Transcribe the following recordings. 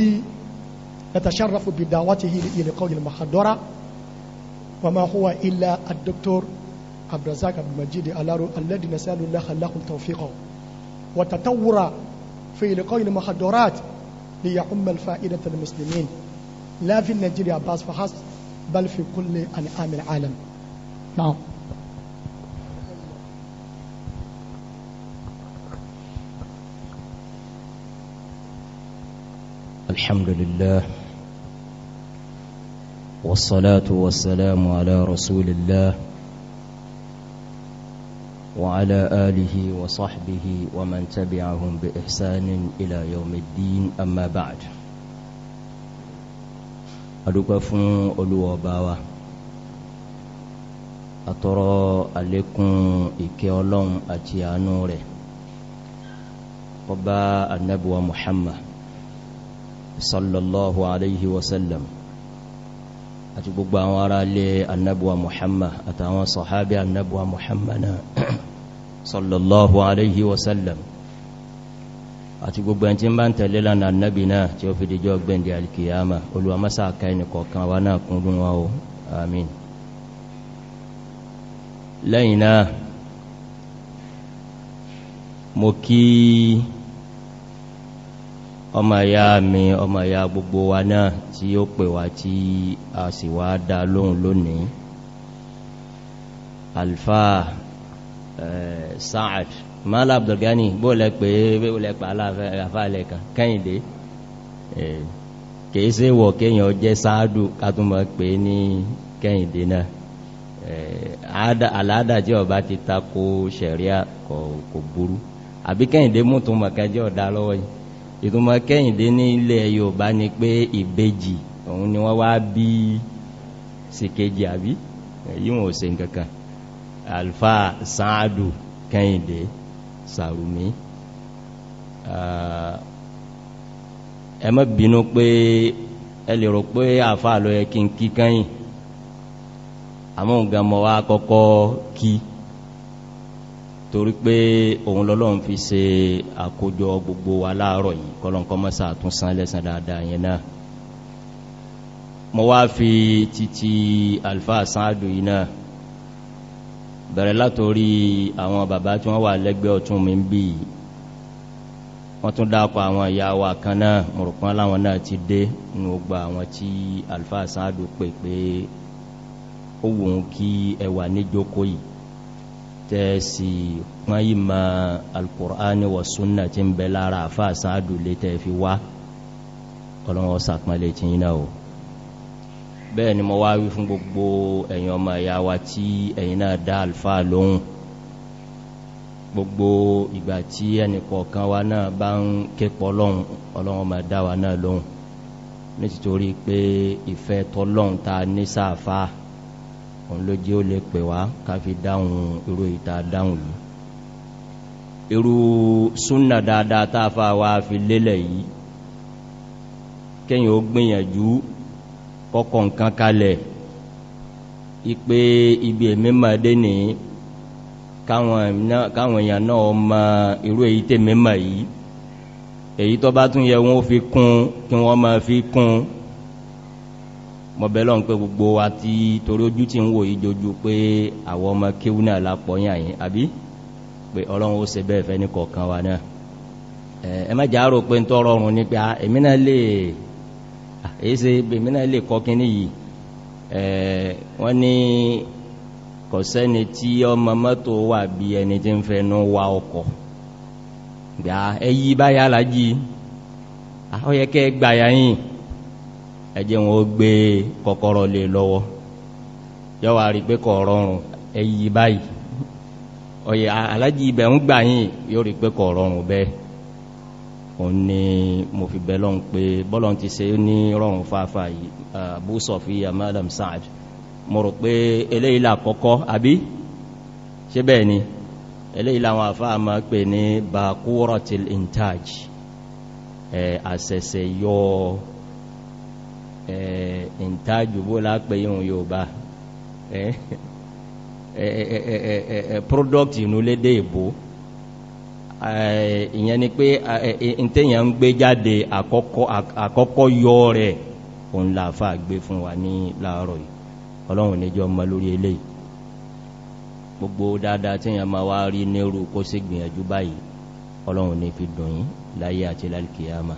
الذي نتشرف بدعوته إلى قول المخدرة وما هو إلا الدكتور عبد الرزاق عبد المجيد الارو الذي نسال الله له التوفيق وتطور في لقاء المخدرات ليعم الفائدة المسلمين لا في نيجيريا بس فحسب بل في كل أنعام العالم نعم الحمد لله والصلاة والسلام على رسول الله وعلى آله وصحبه ومن تبعهم بإحسان إلى يوم الدين أما بعد أدوك فن وباوة أترى عليكم إكي أتيانوري قبا النبوة محمد sallallahu alayhi wa sallam àti gbogbo àwọn ará ilé annabuwa muhammad àtàwọn sọ̀hábí annabuwa muhammad sallallahu alayhi wa sallam àti gbogbo ẹni tí ń bá ń tẹ̀lé lánàá annabi náà tí ó fi dìjọ́ gbẹ̀ndì alkiyama olùwàmásá aka ẹni kọ̀ọ̀kan wa náà kúndùn wa o amin lẹ́yìn náà mo kí ọmọ ya mi ọmọ ya gbogbo wa náà tí ó pè wá tí a sì wá dá lóhun lónìí alfa sa'ad mala abdulgani bóòlẹ̀ pé bóòlẹ̀ pà aláfààlẹ̀ kan kẹ́yìndé kìí sí wọ̀ kéyàn jẹ́ sáádù kátúmọ̀ pé ní kẹ́yìndé náà aláàdà tí ọba ti takó sẹ̀ríà kò burú àbí mú tó mọ̀kẹ́ jẹ́ lọ́wọ́ yìí ìtumọ̀ kẹ́yìndé ní ilẹ̀ Yorùbá ni pé ìbejì òun ni wọ́n wá bí síkejì àbí yíwọ̀n òsè nkankan alfa sáàdù kẹ́yìndé sàrùmí ẹ má bínú pé ẹ lè rò pé àfáà ló kí n kí kẹ́yìn àmọ́ ǹgan wá kọ́kọ́ kí, kí torí pé òun lọ́lọ́run fi ṣe àkójọ gbogbo wa láàárọ̀ yìí kọ́lọ́nkọ́ mọ́sá tún san lẹ́sàn dáadáa yẹn náà mo wá fi títí alfa sáàdù yìí náà bẹ̀rẹ̀ látorí àwọn bàbá tí wọ́n wà lẹ́gbẹ́ ọ̀tún mi ń bí wọ́n tún dákọ̀ àwọn ìyá wa kan náà mọ̀rùpán láwọn náà ti dé nù gba àwọn tí alfa sáàdù pè pé ó wùn kí ẹwà níjókòó yìí tẹ̀sí wọ́n yí ma alkùránì wa súnnà tí ń bẹ lára àfáà sáàdù lè tẹ́ fi wá ọlọ́wọ́ sàpínlẹ̀ tí yínà o bẹ́ẹ̀ ni mo wá wí fún gbogbo ẹ̀yin ọmọ ìyá wa tí ẹ̀yin náà dá alfáà lóhun gbogbo ìgbà tí ẹnìkọ̀ọ̀kan wa náà bá ń képọ̀ lọ́hun ọlọ́wọ́ ma dá wa náà lóhun nítorí pé ìfẹ́ tọ́lọ́hun ta ní sáàfáà òun ló jẹ́ ó lè pè wá ká fi dáhùn irú ìta dáhùn yìí irú súnà dáadáa tá a fa wa fi lélẹ̀ yìí kéyìn ó gbìyànjú kọ́kọ́ nǹkan kalẹ̀ ipe ibi èmi máa dé ní káwọn èèyàn náà mọ irú èyí tèmi mọ̀ yìí èyí tó bá tún yẹ wọ́n fi kún kí wọ́n máa fi kún mọ̀bẹ̀lọ́n pé gbogbo wa ti torí ojú ti ń wò ìjojú pé àwọn ọmọ kéwú náà lápọ̀ yàyìn àbí pé ọlọ́run ó ṣe bẹ́ẹ̀ fẹ́ ní kọ̀ọ̀kan wa náà ẹ má jà rò pé ń tọ́ rọrùn ní pé èmi náà lè èyí ṣe èmi lè kọ́ kíní yìí wọ́n ní kọ̀sẹ́ni tí ọmọ mọ́tò wà bí ẹni tí ń fẹnu wa ọkọ̀ gbà ẹyí báyà lájí ó yẹ kẹ́ gbà yàyìn ẹjẹ́ wọn ó gbé kọ́kọ́rọ́ lè lọ́wọ́ yọ́wà rí pé kọ̀ọ̀rọ̀rùn ẹ̀yí báyìí ọ̀yẹ̀ alájí ibẹ̀ ń gbà yìí yóò rí pé kọ̀ọ̀rọ̀rùn bẹ́ẹ̀ o ní mo fi bẹ́ lọ́n pé bọ́lọ́n ti ṣe ní rọrùn fàáfà yìí Abu Sofiya Madam Saad mo rò pé eléyìí lákọ́kọ́ àbí ṣe bẹ́ẹ̀ ni eléyìí làwọn àfáà máa pè ní bakuratil intaj àṣẹ̀ṣẹ̀ yọ ìntájúbó lápẹ́ yíò Yorùbá product inú lédè ìbò ìyẹn ni pé ìtẹ́yàn ń gbé jáde àkọ́kọ́ yọ rẹ̀ òun láàfà gbé fún wa ní láàárọ̀ yìí ọlọ́run níjọ mọ́ lórí eléyìí gbogbo dáadáa tí yàn máa wá rí nírú kó sí gbìyànjú báyìí ọlọ́run ní fi dùn yín láyé àti lálkìyàmá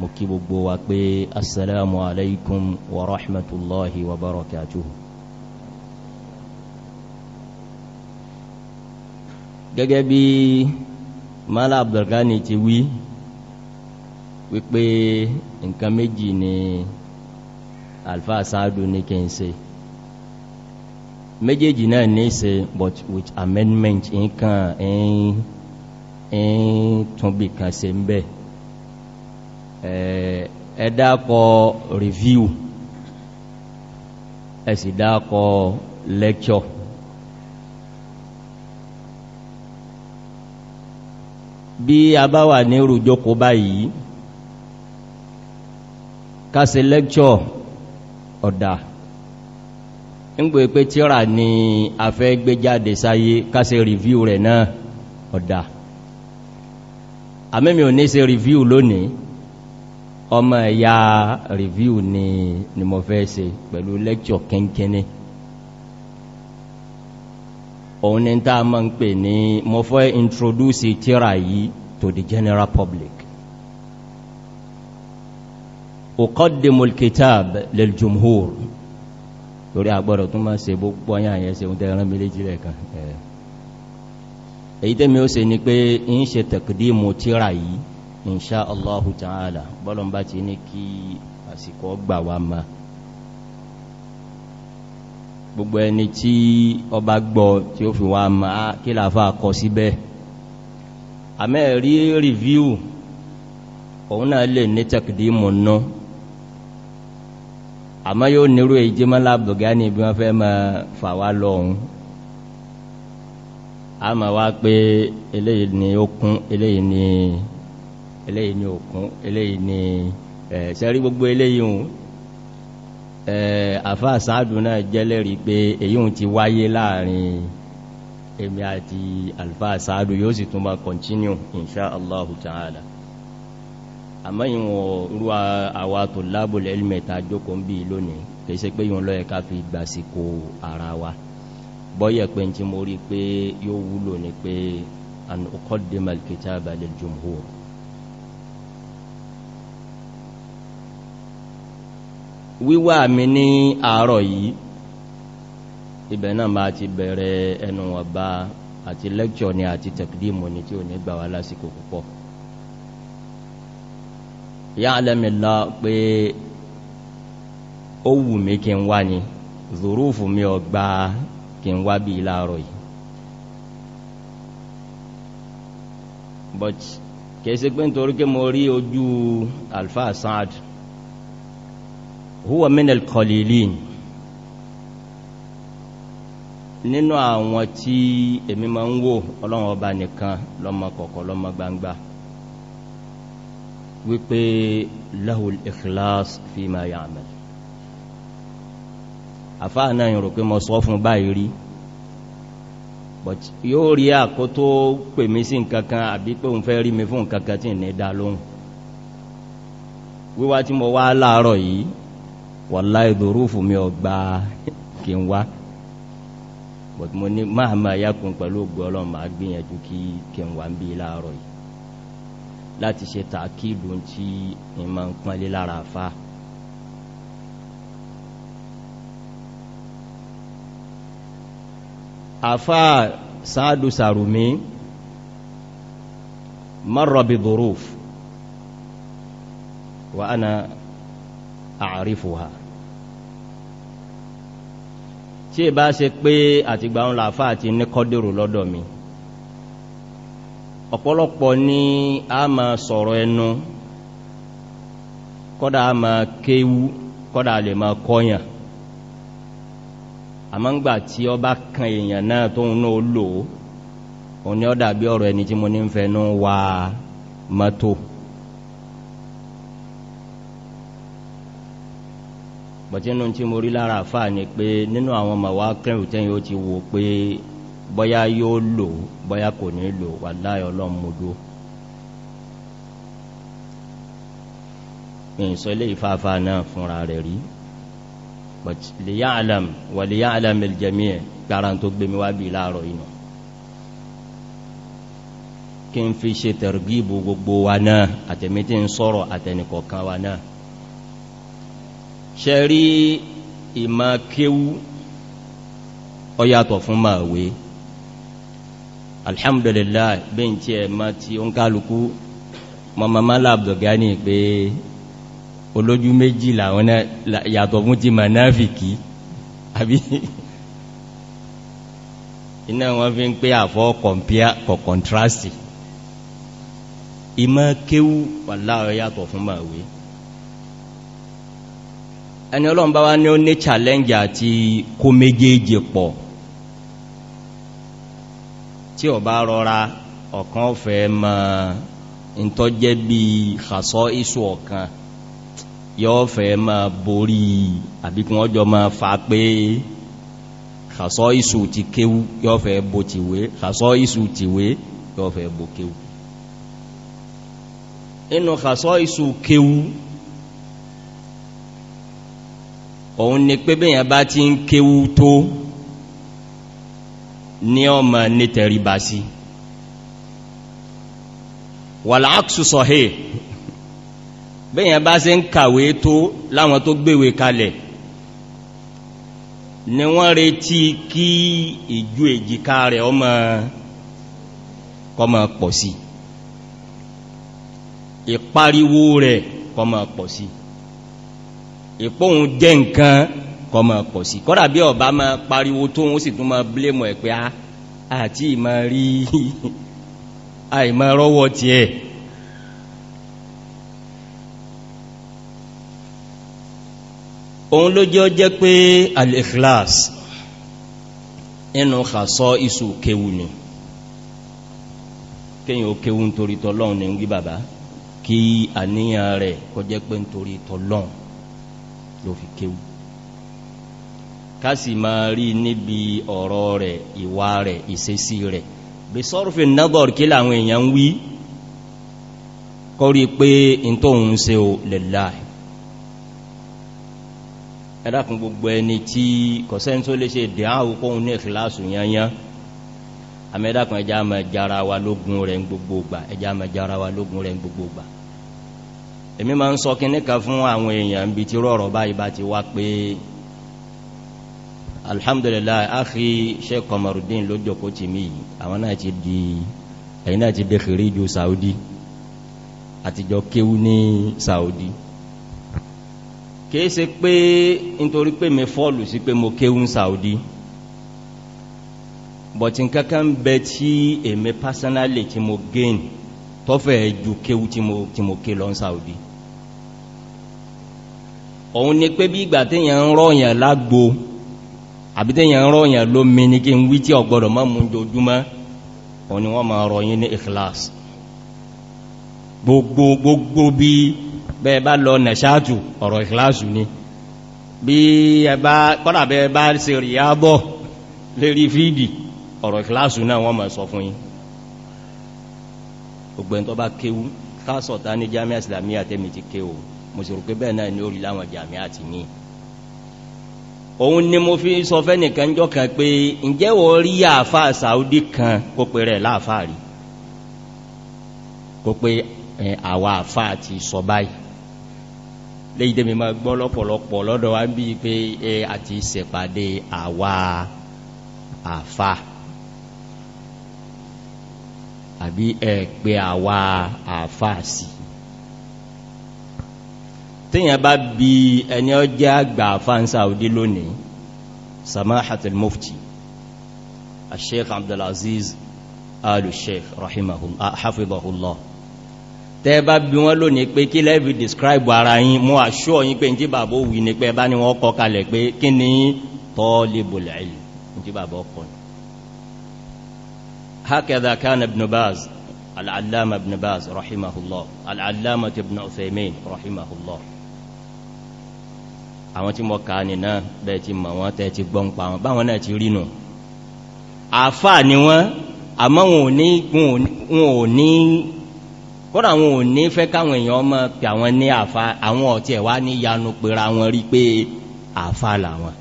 mo kí gbogbo wa pé assalamu alaikum wa rahmatullahi wa barakatuhu gẹ́gẹ́ bí mala abdulgani ti wí wípé nǹkan méjì ni alfa sáàdù ní kí n se méjèèjì náà ní se but with amendment nǹkan ẹ̀yìn tún bí kan se ń bẹ́ẹ̀ Eh, ẹ dákọ review ẹ sì dákọ lecture bí a bá wà ní rùjókòó báyìí ká lecture ọ̀dà nígbè pé tíra ni a fẹ́ gbé jáde sáyé ká review rẹ̀ náà ọ̀dà àmẹ́mi ò ní ṣe review lónìí ọmọ ẹ̀yà review ni ni mo fẹ́ ṣe pẹ̀lú lecture kínkíní òun ni tá a máa ń pè ní mo fẹ́ introduce tírà yìí to the general public uqaddimu al-kitab lil-jumhur lórí agbọ́dọ̀ tún máa ṣe gbogbo ọyá àyẹ́ ṣe oúnjẹ ẹran méjì lẹ́ẹ̀kan èyí tẹ́mi ó ṣe ni pé ń ṣe taqdimu tírà yìí inṣá allahu ta'ala bọ́lọ̀mbá ti ní kí àsìkò gbà wa ma gbogbo ẹni tí ọba gbọ́ tí ó fi wá ma kí làfá kọ síbẹ̀ àmẹ́rí rìvíù òun náà lè ní tẹ̀kìdímù ná àmọ́ yóò nírú èjì mọ́lá wọ́n fẹ́ ma fà wá lọ́hun a ma wá pé eléyìí ni ó kún eléyìí ni eléyìí ni òkun eléyìí ni ṣẹ́rí gbogbo eléyìí hùn àfáà sáàdù náà jẹ́lẹ̀rí pé èyí hùn ti wáyé láàrin èmi àti àlfáà sáàdù yóò sì tún ma continue insha Allahu ta'ala àmọ́ ìwọ̀n rú àwa tó lábòlì ẹlmẹ̀ta jókòó ń bí lónìí kìí ṣe pé yíò lọ́yẹ̀ ká fi gbàsìkò ara wa bọ́yẹ̀ pé tí mo rí pé yóò wúlò ní pé an uqaddima al-kitaba lil-jumhur wíwà mi ní àárọ̀ yìí ibẹ̀ náà máa ti bẹ̀rẹ̀ ẹnu ọba àti lẹ́kṣọ̀ ni àti tẹ̀kídìmù ni tí ò ní gbà wá lásìkò púpọ̀ ya'lamillah pé ó wù mí kí n wá ni zurufu mi ò gbà kí n wá bí láàárọ̀ yìí but kìí ṣe pé nítorí kí mo rí ojú alfa saad huwa minal qalilin nínú àwọn tí èmi ma ń wò ọlọ́run ọba nìkan lọ́mọ kọ̀kọ̀ lọ́mọ gbangba wípé lahul ikhlas fi ma ya'mal àfáà náà ìrò pé mo sọ fún báyìí rí but yóò rí àkótó pè mí sí nkankan àbí pé òun fẹ́ rí mi fún nkankan tí ní dá lóhùn wíwá tí mo wá láàárọ̀ yìí wallahi dhurufu mi ò gba kí n wá but mo ní máa máa yákun pẹ̀lú ògbó ọlọ́run máa gbìyànjú kí kí n wá ń bí láàárọ̀ yìí láti ṣe tàkìlù tí n máa ń pọ́nlé lára fa àfa sáàdù sàrùmí marra dhuruf wa ana a'rifuha tí è bá ṣe pé àtìgbà ń làáfà àti ní kọ́dèrò lọ́dọ̀ mi ọ̀pọ̀lọpọ̀ ni a ma sọ̀rọ̀ ẹnu kọ́dà a ma kéwú kọ́dà lè ma kọ́yàn àmọ́ngbà tí ọ bá kan èèyàn náà tó ń náà lò ó ní ọ dàbí ọ̀rọ̀ ẹni tí mo ní ń fẹ́ nú wa mọ́tò bọ̀tínú tí mo rí lára àfáà ni pé nínú àwọn màwá kẹrù tẹ́yìn ó ti wo pé bọ́yá yóò lò bọ́yá kò ní lò wà láyọ̀ ọlọ́mọdó ìsọ ilé ìfàfà náà fúnra rẹ̀ rí alam wà lè yá alam ìjẹmí ẹ̀ gbára tó gbé mi wá bí láàrọ̀ inú kí n fi ṣe tẹ̀rgíbù gbogbo wa náà àtẹ̀mí tí ń sọ̀rọ̀ àtẹnìkọ̀ọ̀kan wa náà ṣe rí ìmá kéwú ọyàtọ̀ fún máa wé alhamdulillah bí n tí ẹ̀má tí ó ń kálukú mọ́mọ́má láàbdọ̀gá ní pé olójú méjì làwọn yàtọ̀ fún ti manáfikì àbí iná wọn fi ń pé àfọ́ kọ̀mpíà kọ̀ kọ̀ntrásì ìmá kéwú wà láàrẹ yàtọ̀ fún máa wé ẹni ọlọ́run bá wá ní ó ní challenge àti kó méjèèjì pọ̀ tí ọ bá rọra ọ̀kan ọ̀fẹ́ ma ń tọ́ jẹ́ bí ṣàṣọ́ ìṣù ọ̀kan yọ́ fẹ́ ma borí àbíkún ọjọ́ ma fa pé ṣàṣọ́ ìṣù ti kéwú yọ́ fẹ́ bo tìwé ṣàṣọ́ ìṣù tìwé yọ́ fẹ́ bo kéwú inú ṣàṣọ́ ìṣù kéwú òun ni pé bẹ́yàn bá ti ń kéwú tó ní ọmọ ní tẹ̀ríba sí wàláàkùsù sọ̀hẹ́ bẹ́yàn bá ṣe ń kàwé tó láwọn tó gbéwé kalẹ̀ ni wọ́n retí kí ìjú èjìká rẹ̀ ọmọ kọmọ pọ̀ sí ìpariwo rẹ̀ kọmọ pọ̀ sí si ìpóhun jẹ́ nǹkan kọmọ̀ pọ̀ sí kọ́dà bí ọba ma pariwo tó wọ́n sì tún ma blémọ̀ ẹ̀ pé àti ah, ìmọ̀ rí àìmọ̀ rọ́wọ́ ti ẹ̀ òun ló jẹ́ jẹ́ pé al-ikhlas inú kàsọ isu kéwù ni kéyìn ó kéwù nítorí tọ́lọ́un ní ń gbí bàbá kí àníyàn rẹ̀ kọjẹ́ pé nítorí tọ́lọ́un ló fi kéwù kásì máa rí níbi ọ̀rọ̀ rẹ̀ ìwà rẹ̀ ìṣesí rẹ̀ bí sọ́rọ̀fẹ́ nọ́bọ̀rì kí làwọn èèyàn wí kọrí pé in tó ń se o lẹ́láì ẹ̀dàkùn gbogbo ẹni tí kọ̀sẹ́n tó lè ṣe dìáhù kóhun ní ìfìláàsù yányán àmẹ́dàkùn ẹjá mẹ́jára wa lógún rẹ̀ gbogbo gbà ẹjá mẹ́jára wa lógún rẹ̀ gbogbo gbà èmi máa ń sọ kíníkà fún àwọn èèyàn bí ti rọrọ̀ báyìí bá ti wá pé alhamdulillah akhi sheikh Komarudin ló jòkó ti mí yìí àwọn náà ti di ẹ̀yìn náà ti di khiriju Saudi àtijọ́ kéwú ní Saudi kìí ṣe pé nítorí pé mi fọ́ọ̀lù sí pé mo kéwú Saudi bọ̀tí kankan bẹ tí èmi personally tí mo gain tọ́fẹ̀ẹ́ ju kéwú tí mo ké lọ ní Saudi òun ni pé bí ìgbà téèyàn ń rọ̀yàn lágbo àbí téèyàn ń rọ̀yàn lómi ní kí n wí tí ọ̀gbọ́dọ̀ má mú jojúmọ́ òun ni wọ́n máa rọ̀yìn ní ikhlas gbogbo gbogbo bí bẹ́ẹ̀ bá lọ nàṣáàtù ọ̀rọ̀ ikhlas ni bí ẹbá kọ́nà bẹ́ẹ̀ bá ṣe rí ábọ̀ lérí fídì ọ̀rọ̀ ikhlas náà wọ́n máa sọ fún yín gbogbo bá kéwú ká sọ̀tá ní jámẹ́ ìsìlámí àtẹ́mì ti kéwú mo bẹ́ẹ̀ náà ni ó rí láwọn jàmí àti ní òun ni mo fi sọ fẹ́nìkan jọ kan pé ǹjẹ́ wọ́n rí àáfàá Saudi kan kó pe rẹ̀ láàfáà rí kó pe àwa àáfàá ti sọ báyìí léyìí tẹ́mi máa gbọ́ lọ́pọ̀lọpọ̀ lọ́dọ̀ wa bíi pé àti ṣèpàdé àwa àáfàá àbí ẹ pé àwa àáfàá sí i tíyàn bá bí ẹni ọ jẹ́ àgbà àfáàn Saudi lónìí samahatul mufti al-sheikh abdulaziz al-sheikh rahimahullah ah, hafidhahullah tẹ́ bá bí wọ́n lónìí pé kí lẹ́bí describe ara yín mú àṣọ́ yín pé tí bàbá wí ní pé bá ní wọ́n kọ kalẹ̀ pé kí ní talibul ilm tí bàbá ọkọ̀ ní hakadha kana ibn baz al'allama ibn baz rahimahullah al'allama ibn uthaymin rahimahullah àwọn tí mo kà á nìna bẹ́ẹ̀ ti mọ̀ wọ́n tẹ́ ti gbọ́n pa wọn báwọn náà ti rínú àfà ni wọ́n àmọ́ wọn ò ní wọn ò ní kọ́dà wọn ò ní fẹ́ káwọn èèyàn ọmọ pẹ̀ àwọn ní àfà àwọn ọ̀tí ẹ̀wà ní yanu pera wọn rí pé àfà làwọn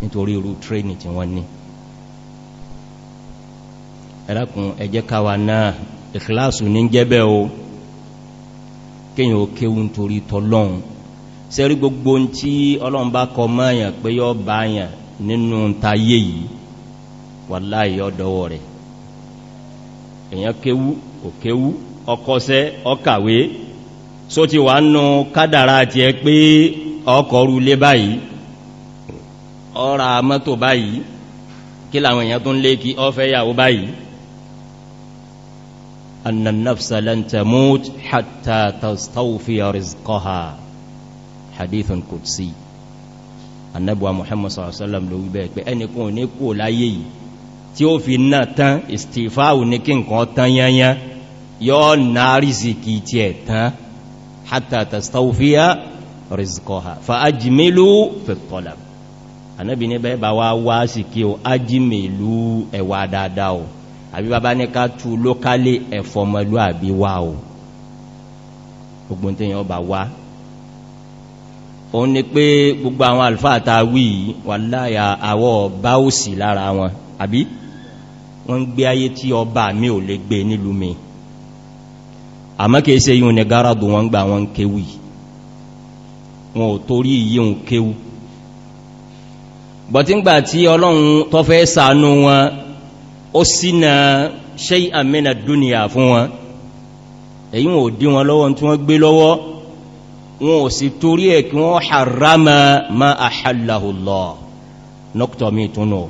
nítorí irú tréní tí wọ́n ní ẹ̀rákùn ẹjẹ́ káwa náà ìkìláàsù ní jẹ́bẹ̀ o kíyàn ó kéwú nítorí tọ́lọ́run sẹ́rí gbogbo tí ọlọ́run bá kọ mọ́yàn pé yọ bá yàn nínú tayé yìí wàláhì yọ dọwọ́ rẹ̀ èyàn kéwú kò kéwú ọkọsẹ́ ọkàwé só ti wà nù kádàrá ti ẹ pé ọkọ̀rú lé báyìí ọ̀rà mọ́tò báyìí kí làwọn èèyàn tó ń lé kí ọ́fẹ́ yàwó báyìí annan nafsa hatta tastawfi rizqaha hadithun qudsi annabuwa muhammad sallallahu alaihi wasallam ló wí bẹ́ẹ̀ pé ẹnikun ò ní kúrò láyé yìí tí ó fi náà tán istifáwù ní kí nǹkan tán yányán yóò náà rìsìkì tí ẹ̀ tán hatta tastawfiya rizqaha fa ajmilu fi talab ànábì ní bẹ́ẹ̀ bá wá wá sí o ajmilu ẹ̀wà dáadáa o àbí bàbá ní ká tú lókálẹ̀ ẹ̀fọ́mọlú àbí wá o gbogbo tí yẹn ọba wá òun ni pé gbogbo àwọn alfáàta wí wàláyà àwọ̀ bá ó sì lára wọn àbí wọ́n gbé ayé tí ọba mi ò lè gbé nílùú mi àmọ́ kìí ṣe yíò ní gáràbù wọn gbà wọn kéwì wọn ò torí yíò kéwù bọ̀tí ń gbà tí ọlọ́run tó fẹ́ sàánú wọn ó sínà ṣe àmìnà wọn ò sì torí ẹ̀ kí wọ́n harama ma ahallahullah nọ́kítọ̀ mi túnú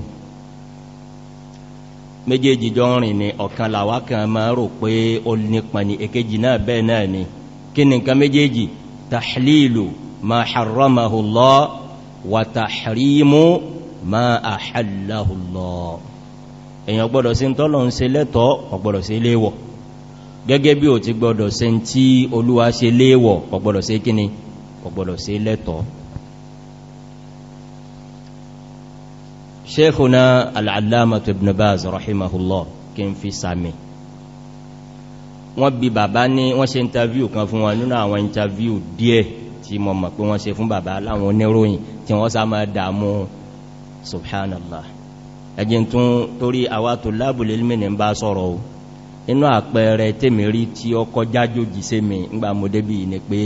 méjèèjì jọ rìn ní ọ̀kan làwá kan ma rò pé ó nípa ní èkejì náà bẹ́ẹ̀ náà ni kí ni nǹkan méjèèjì tahlilu ma harramahullah wa tahrimu ma ahallahullah èyàn gbọ́dọ̀ sí ń tọ́lọ̀ ń ṣe lẹ́tọ̀ọ́ ọ̀gbọ́dọ̀ sí léwọ̀ gẹ́gẹ́ bí o ti gbọdọ̀ ṣe tí olúwa ṣe léèwọ̀ kò gbọdọ̀ kíni kò gbọdọ̀ lẹ́tọ̀ Sheikhuna al-Allamah Ibn Baz rahimahullah kí n fi sami wọ́n bi bàbá ní wọ́n ṣe interview kan fún wọn nínú àwọn interview díẹ̀ tí mo mọ̀ pé wọ́n ṣe fún bàbá láwọn oníròyìn tí wọ́n sá máa dààmú subhanallah ẹjẹ́ tún torí àwa tó lábùlé ilmi bá sọ̀rọ̀ o inú àpẹẹrẹ tèmi rí tí ó kọjá jòjì sí mi ngbà mo débì ní pé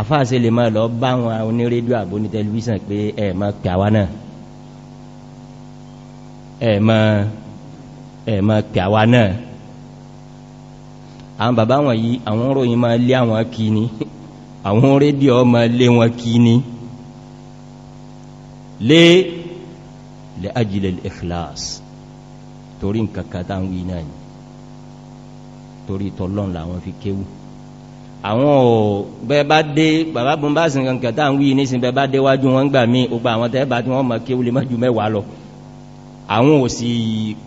àfáàsí lè máa lọ bá wọn onírédíò àbò ní tẹlifíṣàn pé ẹ má pè àwa náà ẹ má ẹ má pè àwa náà àwọn bàbá wọn yìí àwọn ròyìn máa lé àwọn kí àwọn rédíò máa lé wọn kí lé lè ajílẹ̀ ikhlas torí nǹkan kan tá à ń wí náà ni torí tọlọ́n làwọn fi kéwù àwọn ò bẹ́ẹ̀ bá dé bàbá bó ń bá sin kankan tá à ń wí nísìnyí bẹ́ẹ̀ bá dé wájú wọn gbà mí gbogbo àwọn tẹ́ bá tí wọ́n mọ kéwù lè má ju mẹ́wàá lọ àwọn ò sì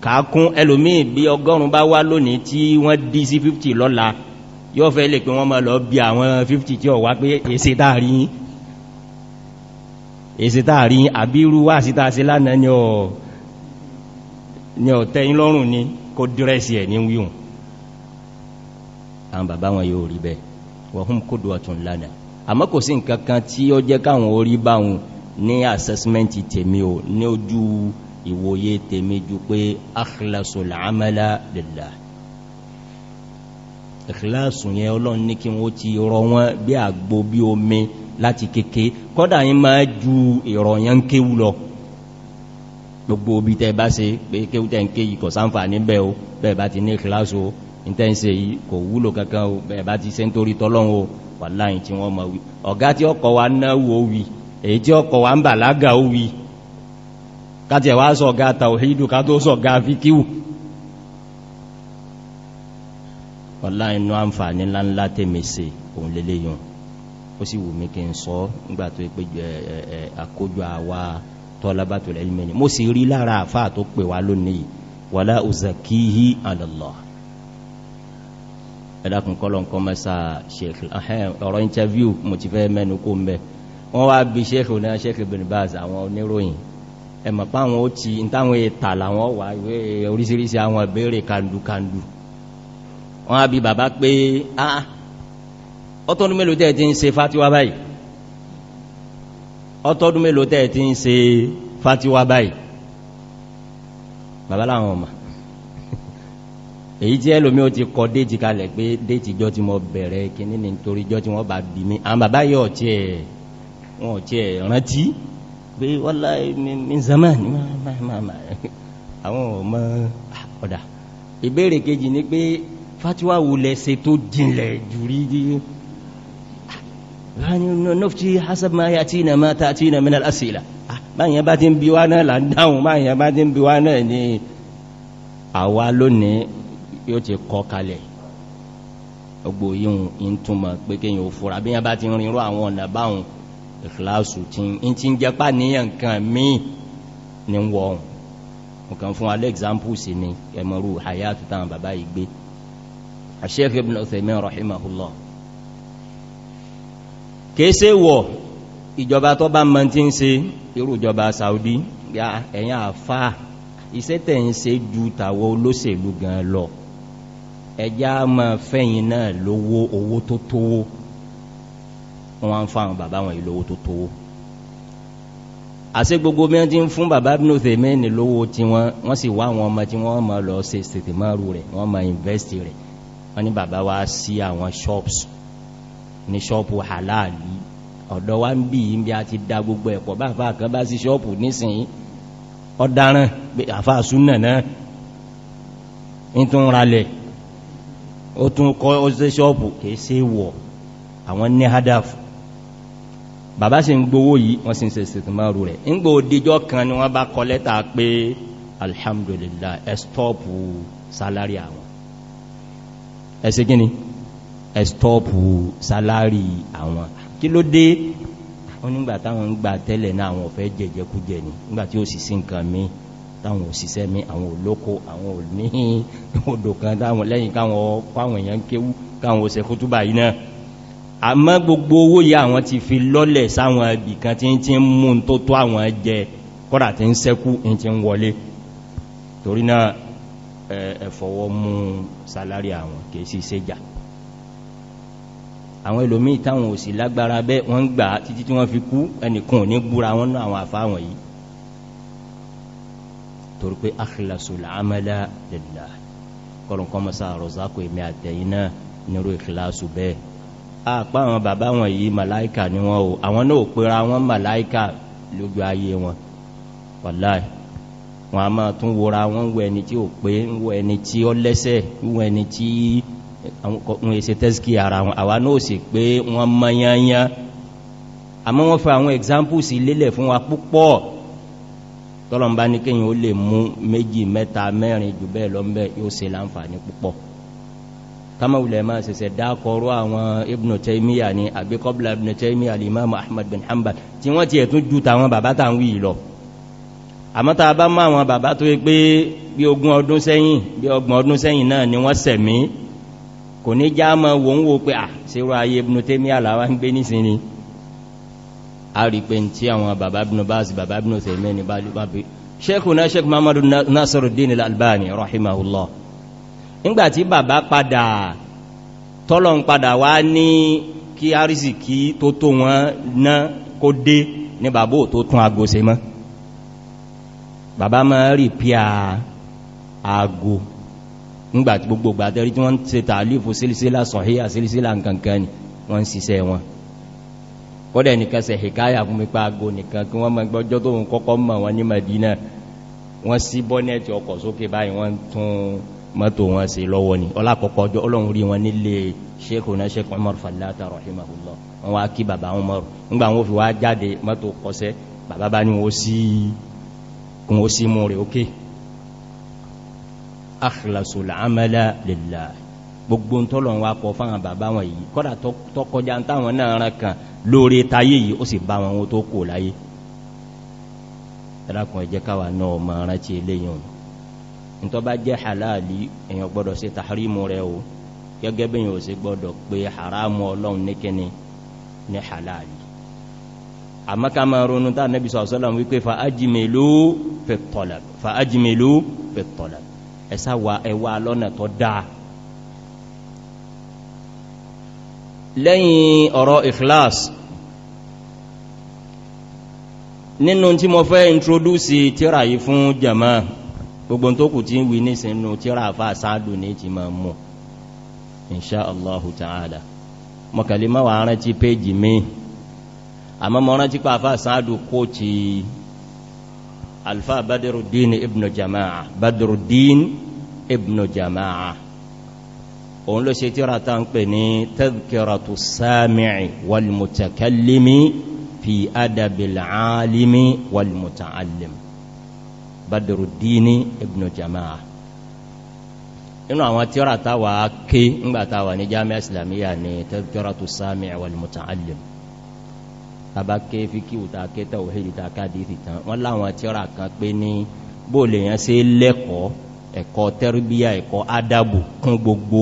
kàákún ẹlòmíì bí ọgọ́rùn-ún bá wá lónìí tí wọ́n dí sí fifty lọ́la yóò fẹ́ lè pé wọ́n máa lọ bí àwọn fifty tí ọ̀ wá pé èsì tá a rí yín èsì tá a rí yín àbí irú wá sí tá a lánàá ni ọ̀ọ́ ní ọ̀tẹ́ yín lọ́rùn ní kó dírẹ́sì ẹ̀ ní wíhùn àwọn bàbá wọn yóò rí bẹ́ẹ̀ wọ́n hún kó dùn ọ̀tún lánàá àmọ́ kò sí nǹkan kan tí ó jẹ́ káwọn orí bá wọn ní assessment tèmi o ní ojú ìwòye tèmi ju pé akhlasul amala lillah ìkìláàsùn yẹn ọlọ́run ní kí wọ́n ti rọ wọn bí àgbo bí omi láti kéke kọ́dà yín máa ju ìrọ̀yán kéwú lọ gbogbo obi tẹ́ bá ṣe pé kéwútẹ́ ń ké yìí kọ̀ sáǹfà níbẹ̀ o bẹ́ẹ̀ bá ti ní kíláàsì o ìtẹ́ǹsẹ̀ yìí kò wúlò kankan o bẹ́ẹ̀ bá ti ṣe ń torí tọ́lọ́run o wà láyìn tí wọ́n mọ̀ wí ọ̀gá tí ọkọ̀ wa náwó o wí èyí tí ọkọ̀ wa ń bà lága o wí káti ẹ̀wà sọ̀gá tàwíìdù ká tó sọ̀gá fíkíwù ọ̀lá inú àǹfààní ńláńlá tèmèsè òun lélẹ́yìn ó sì wù mí kí n sọ nígbà tó pé àkójọ àwa talabatul ilmi ni mo sì rí lára àfá tó pè wá lónìí wala uzakihi ala Allah ẹ̀dàkùn kọ́lọ̀ nǹkan mẹ́sà sheikh ọ̀rọ̀ interview mo ti fẹ́ mẹ́nu kó mẹ́ wọ́n wá bí sheikh oní sheikh bin baz àwọn oníròyìn ẹ̀mọ̀ páwọn ó ti ń ètà làwọn wà ìwé oríṣiríṣi àwọn ìbéèrè kandukandu wọ́n á bí bàbá pé ah ọtọ́nu mélòó tẹ́ ti ń ṣe fátíwá báyìí ọtọ́dún mélòó tẹ́ ti ń ṣe fatiwa báyìí bàbá láwọn ọmọ èyí tí ẹlòmí ó ti kọ déètì kalẹ̀ pé déètì jọ tí mo bẹ̀rẹ̀ kíní ní torí jọ tí wọ́n bá bí mi àwọn bàbá yóò tí ẹ̀ wọ́n tí ẹ̀ rántí pé wọ́lá mìíràn àwọn ọmọ ah, ọ̀dà ìbéèrè kejì ni pé fatiwa wulẹ̀ ṣe tó jinlẹ̀ jùrí يعني نفتي حسب ما يأتينا ما تأتينا من الأسئلة báyìí yẹn bá ti ń bi wá náà là ń dáhùn báyìí yẹn bá ti ń bi wá náà ni àwa lónìí yóò ti kọ́ kalẹ̀ gbogbo yìí ń túmọ̀ pé kéèyàn ò fura bí yẹn bá ti ń rinrú àwọn ọ̀nà báwọn ìkìláàsù tí ń ti ń jẹ́pá níyàn nǹkan míì ní wọ̀n nǹkan fún Sheikh Ibn Uthaymin rahimahullah kéèsè wọ̀ ìjọba tó bá mọ́ tí ń ṣe irú ìjọba Saudi ya ẹ̀yìn àfá iṣẹ́ tẹ̀ ń ṣe ju tàwọ olóṣèlú gan lọ ẹjá mọ́ fẹ́yìn náà lówó owó tó tówó wọ́n ń fáwọn bàbá wọn ìlówó tó tówó àṣẹ gbogbo mẹ́rin tí ń fún bàbá bí nóòtè mẹ́rin lówó tí wọ́n sì wá àwọn ọmọ tí wọ́n mọ́ lọ ṣe ṣètìmọ́rù rẹ̀ wọ́n mọ́ invest rẹ̀ wọ́n ní bàbá wá sí àwọn shops ní ṣọ́ọ̀pù halali ọ̀dọ̀ wa ń bí i bí a ti dá gbogbo ẹ̀pọ̀ bá fà kan bá sí ṣọ́ọ̀pù nísìnyí ọ̀daràn àfà súnà náà ń tún ralẹ̀ ó tún kọ́ ó sí ṣọ́ọ̀pù kìí sí wọ̀ àwọn ní hádàfù bàbá sì ń gbowó yìí wọ́n sì ń se sètìmọ́rù rẹ̀ ń gbò díjọ́ kan ni wọ́n bá kọ lẹ́tà pé alhamdulillah ẹ stọ́ọ̀pù sálárì àwọn ẹ ṣe gíní ẹ stọ́ọ̀pù sálárì àwọn kí ló dé wọ́n nígbà táwọn ń gbà tẹ́lẹ̀ náà àwọn ọ̀fẹ́ jẹjẹkújẹ ni nígbà tí ó sì sí nǹkan mi táwọn òṣìṣẹ́ mi àwọn olóko àwọn òní odò kan táwọn lẹ́yìn káwọn fáwọn èèyàn kéwú káwọn òṣè kútúbà yìí náà àmọ́ gbogbo owó yìí àwọn ti fi lọ́lẹ̀ sáwọn ibì kan tí ń ti ń mú tó tó àwọn jẹ kọ́dà tí ń sẹ́kú ń ti ń wọlé torí náà ẹ̀fọ̀wọ́ mú sálárì àwọn kìí sí séjà àwọn ẹlòmíì táwọn ò sì lágbára bẹ́ẹ̀ wọ́n ń gbà títí tí wọ́n fi kú ẹnìkan ní búra wọn náà àwọn àfa wọ̀nyí torí pé akhlasul amala lillah kọ́lọ́n kọ́ mọ́sá àròzákò èmi àtẹ̀yìn náà nírú ikhlasu bẹ́ẹ̀ apá àwọn bàbá ni wọ́n o àwọn náà ò pera wọn màláìkà lójú ayé wọn wàláì wọn a máa tún wora wọn wọ ẹni tí ò pé ń ẹni tí ó lẹ́sẹ̀ ń ẹni tí àwọn èsè tẹ́sìkì ara wọn àwa náà sì pé wọ́n mọ́yányán àmọ́ wọ́n fa àwọn examples lélẹ̀ fún wa púpọ̀ tọ́lọ̀mbá ní kíyàn ó lè mú méjì mẹ́ta mẹ́rin jù bẹ́ẹ̀ lọ́mbẹ́ yóò ṣe láǹfààní púpọ̀ kamawulẹ̀ máa sẹ̀sẹ̀ dákọrọ àwọn ibn taimiyya ni àgbékọ́bla ibn taimiyya al'imam ahmad bin hanbal tí wọ́n ti ẹ̀tún jù tàwọn bàbá tàn wí lọ àmọ́ta bá máa wọn bàbá tó wé pé bí ogún ọdún sẹ́yìn bí ọgbọ̀n ọdún sẹ́yìn náà ni wọ́n sẹ̀mí kò ní já mọ́ wò ń wo pé à síwá ayé ibùn tẹ́mí àlàwà ń gbé nísìn ni a rí pé tí àwọn bàbá ibùn báàsì bàbá ibùn tẹ́mí ni bá bí ṣẹ́kù náà ṣẹ́kù mamadu nasiruddin al-albani rahimahullah nígbàtí bàbá padà tọ́lọ̀n padà wá ní kí arísìkí tó tó wọn ńgbà gbogbo gbàtẹ́rí tí wọ́n ń ṣe tààlífò sílísílá sọ̀híyà sílísílá nkankan ni wọ́n ń ṣiṣẹ́ wọn kọ́dẹ̀ nìkan ṣe hìkáyà fún mípa ago nìkan kí wọ́n gbọ́jọ́ tó ń kọ́kọ́ mọ̀ wọn ní Madina wọ́n sí bọ́nẹ̀tì ọkọ̀ sókè báyìí wọ́n tún mọ́tò wọn ṣe lọ́wọ́ ni ọlákọ̀ọ́kọ́ ọjọ́ ọlọ́run rí wọn nílé Sheikhuna Sheikh Umar Fallata rahimahullah wọn wá kí bàbá Umar nígbà wọn fi okay akhlasul amala lillah gbogbo ntọ́lọ̀n wa kọ fáwọn bàbá wọn yìí kọ́dà tọ́kọjá táwọn náà rán kan lórí tayé yìí ó sì bá wọn wọn tó kò láyé ẹlákùn ẹjẹ́ káwà náà ọmọ rántí eléyìn òun ntọ́ bá jẹ́ halali èyàn gbọ́dọ̀ sí tahrimu rẹ̀ o gẹ́gẹ́ bí yóò sì gbọ́dọ̀ pé haramu ọlọ́run ní kíni ní halali àmọ́ ronú tá nẹ́bí sọ̀sọ́lọ́run wípé fa ajmilu fi talab fa ajmilu fi talab ẹ̀sá wa ẹwà lọ́nà tó dáa lẹ́yìn ọ̀rọ̀ ikhlas nínú tí mo fẹ́ introduce tíra yìí fún jama gbogbo tó kù tí ń wí nísìnú tíra àfá sáàdù ní ti ma mú inṣá allahu ta'ala mọ̀kàlí máa wà rántí péjì mi àmọ́ mọ́ rántí pàfá sáàdù kó ti alfa badiruddin ibn jama'a badiruddin ibn jama'a òun ló ṣe tíra ta ń pè ní tadhkiratu sami'i wal mutakallimi fi adabil alimi wal muta'allim badiruddin ibn jama'a inú àwọn tíra ta wà ké ńgbàta wà jami'a islamiyya ni tadhkiratu sami'i wal muta'allim tàbá ké fíkíwù ta ké tàwíhìdì ta kádìsì tán wọ́n láwọn tíra kan pé ní bó lè yàn sí lẹ́kọ̀ọ́ ẹ̀kọ́ tẹ́rìbíyà ẹ̀kọ́ ádàbù kún gbogbo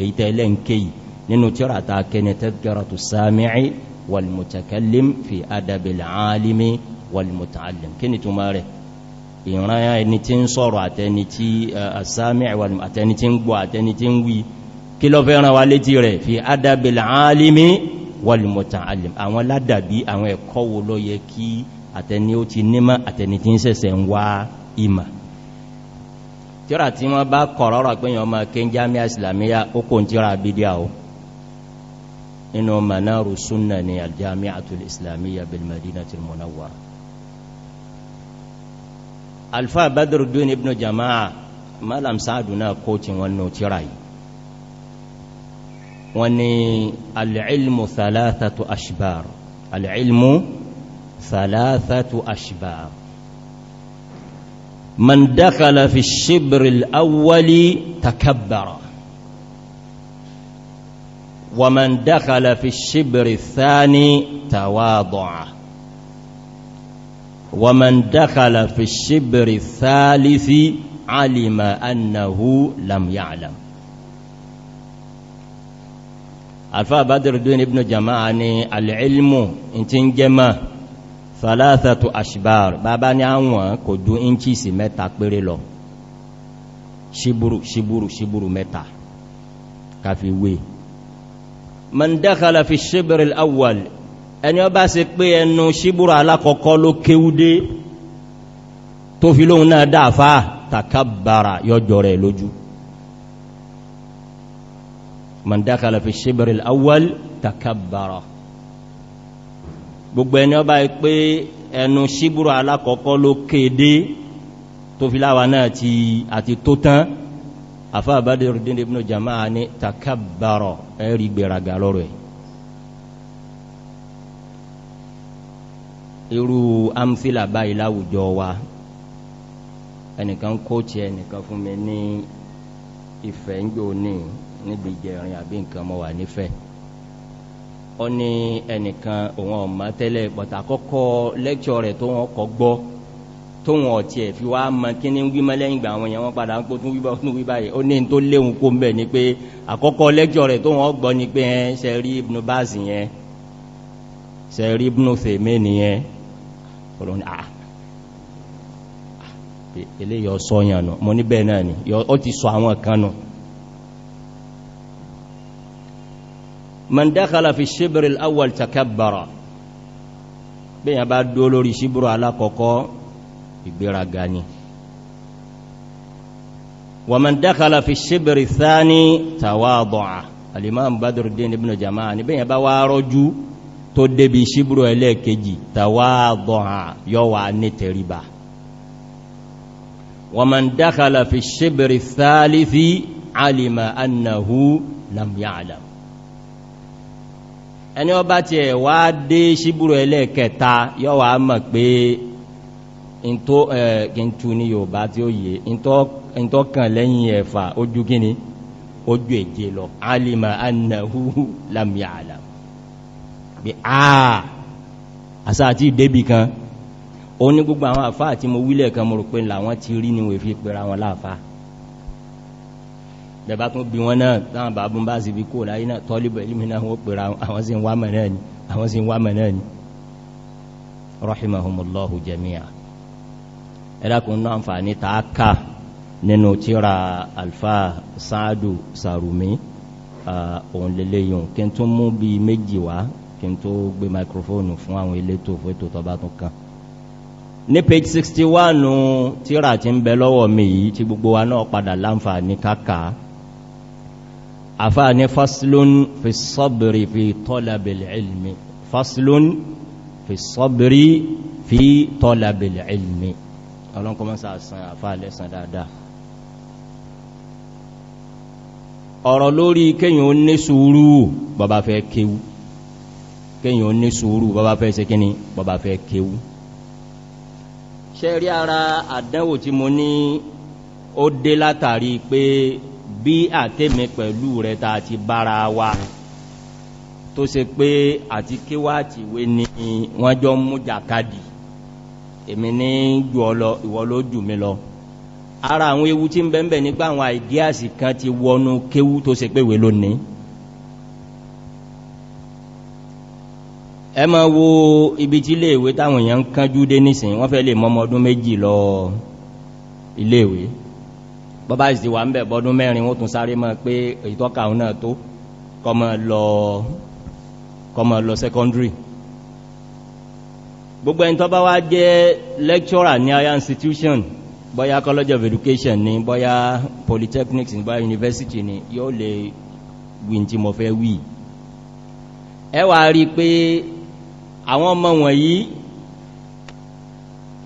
èyí tẹ́lẹ̀ ń yìí nínú tíra ta ké ní tadhkiratu sami'i walmutakallim fi adabil alimi walmutaallim kí ni túmọ̀ rẹ̀ ìran ẹni tí ń sọ̀rọ̀ àtẹni tí àsámi ìwàlùm àtẹni tí ń gbọ́ àtẹni tí ń wí kí lọ fẹ́ràn wa létí rẹ̀ fi adabil alimi wọlùmọ̀tà alìm àwọn ládàbí àwọn ẹ̀kọ́ wo ló yẹ kí àtẹni ó ti nímọ̀ àtẹni tí ń sẹ̀sẹ̀ ń wá ìmà tíra tí wọ́n bá kọ̀rọ̀rọ̀ pé yàn ọmọ kéńjámí àsìlàmíyà ó kò ń tíra bídíà o nínú manáru súnnà ni aljami atul islamiyya bil madina til munawwara alfa Badr badruddin ibn jama'a malam sa'adu na kó tí wọn nù tíra وني العلم ثلاثة أشبار العلم ثلاثة أشبار من دخل في الشبر الأول تكبر ومن دخل في الشبر الثاني تواضع ومن دخل في الشبر الثالث علم أنه لم يعلم alfa badruddin ibn jama'a ni al'ilmu in ti ń jẹ ma thalathatu ashbar bàbá ní àwọn kò ju inchisi mẹ́ta péré lọ ṣíbùrù ṣíbùrù ṣíbùrù mẹ́ta kàfi wé man dakhala fi ṣíbùrù al'awwal ẹni ọ bá ṣe pé ẹnu ṣíbùrù alákọ̀ọ́kọ́ ló kéwúdé tó fi lóhun náà dáàfá takabbara yọjọ rẹ̀ man dákàlà fi ṣíbìrì awwal takabbara gbogbo ẹni ọba pé ẹnu ṣíbìrì alákọ̀ọ́kọ́ ló kéde tó fi láwa náà àti tó tán afá àbádẹ́rùdín ibn jama'a ní takabbara ẹ̀rí gbèraga lọ́rọ̀ ẹ̀ irú amfila báyìí láwùjọ wa ẹnìkan kó tí ẹnìkan fún mi ní ìfẹ́ ń jò níyìn níbi ìjẹrin àbí nǹkan mọ́ wà nífẹ̀ẹ́ ó ní ẹnìkan òun ọ̀mà tẹ́lẹ̀ pọ̀tà kọ́kọ́ lẹ́kṣọ́ rẹ̀ tó wọn kọ́ gbọ́ tó wọn ọ̀tí ẹ̀ fi wá mọ kí ní wímọ́ lẹ́yìn ìgbà àwọn èèyàn wọn padà ń kó tún wíbọ́ tún wíbá yìí ó ní tó léwu kó ń bẹ̀ ni pé àkọ́kọ́ lẹ́kṣọ́ rẹ̀ tó wọn gbọ́ ni pé ẹ ṣe rí ibnu báàsì yẹn ṣe rí ibnu fèmé nìyẹn ọ̀rọ̀ ni eléyìí ọ̀sọ́ yàn mo níbẹ̀ náà ni ó ti sọ àwọn kan nù no. man dakhala fi ṣíbìrì awwal takabbara bẹ́yàn bá dó lórí ṣíbìrì alákọ̀ọ́kọ́ ìgbéraga ni wa man dakhala fi ṣíbìrì thani tawadu'a alimam badruddin ibn jama'a ni bẹ́yàn bá wá rọ́jú tó débi ṣíbìrì ẹlẹ́ẹ̀kejì tawadu'a yọ wà ní tẹríba wa man dakhala fi ṣíbìrì thalithi alima annahu lam ya'lam ẹni ọba ti ẹ̀ wá dé síbúrò ẹlẹ́ẹ̀kẹta yọ́ wà mọ̀ pé ìntó ẹ̀kìntú ni Yorùbá tí ó yẹ ìntó kàn lẹ́yìn ẹ̀fà ojú gíní ojú èje lọ alima annahu lam ya'lam bí àà àsá àti ìdébì kan ó ní gbogbo àwọn àfáà tí mo wílẹ̀ kan mo rò pé làwọn ti rí ni wèé fi pẹ̀ra wọn láàfáà bẹ̀bá tún bí wọn náà láwọn bàbá bá sì fi kó láyé náà tọ́líbẹ̀ ìlúmínà wọn pèrà àwọn sí wà mẹ́rẹ́ ni àwọn sí wà mẹ́rẹ́ ni rahimahumullahu jami'a ẹ̀dàkùn náà fà ní tààkà nínú tíra alfa sáàdù sàrùmí ohun lele yùn kí n tún mú bí méjì wá kí n tó gbé microphone fún àwọn elétò fẹ́tò tọba tún kan ní page 61 tíra ti ń bẹ lọ́wọ́ mi yìí tí gbogbo wa náà padà láǹfà ní àfáà ní faslun fi sọ́bìrì fi tọ́labìlì ilmi faslun fi sọ́bìrì fi tọ́labìlì ilmi ọlọ́nkọmọ́sá àsán àfáà lẹ́sàn dáadáa ọ̀rọ̀ lórí kéyàn ó ní sùúrù bàbá fẹ́ kéwú kéyàn ó ní sùúrù bàbá fẹ́ ṣe kíní bàbá fẹ́ kéwú ṣe rí ara àdánwò tí mo ní ó dé látàrí pé bí àtẹ́mẹ pẹ̀lú rẹ̀ ta ti bára wa tó ṣe pé àti kíwàtí wé ní wọ́n jọ mú jàkadì èmi ní jù ọ lọ ìwọ ló jù mí lọ ara àwọn ewu tí ń bẹ́ẹ̀bẹ̀ nígbà àwọn àìdíàsì kan ti wọnú kéwú tó ṣe pé wé lónìí ẹ máa wo ibi tí iléèwé táwọn èèyàn ń kánjú dé nísìn wọ́n fẹ́ lè mọ́mọ́ ọdún méjì lọ iléèwé bọ́bá ìsì wà ń bẹ̀ bọ́dún mẹ́rin ó tún sáré mọ́ pé ìtọ́ka òun náà tó kọmọ lọ secondary gbogbo ẹni tó bá wá jẹ́ lecturer ní higher institution bọ́yá college of education ni bọ́yá polytechnics ni bọ́yá university ni yóò lè win tí mo fẹ́ wí ẹ wá rí pé àwọn ọmọ wọ̀nyí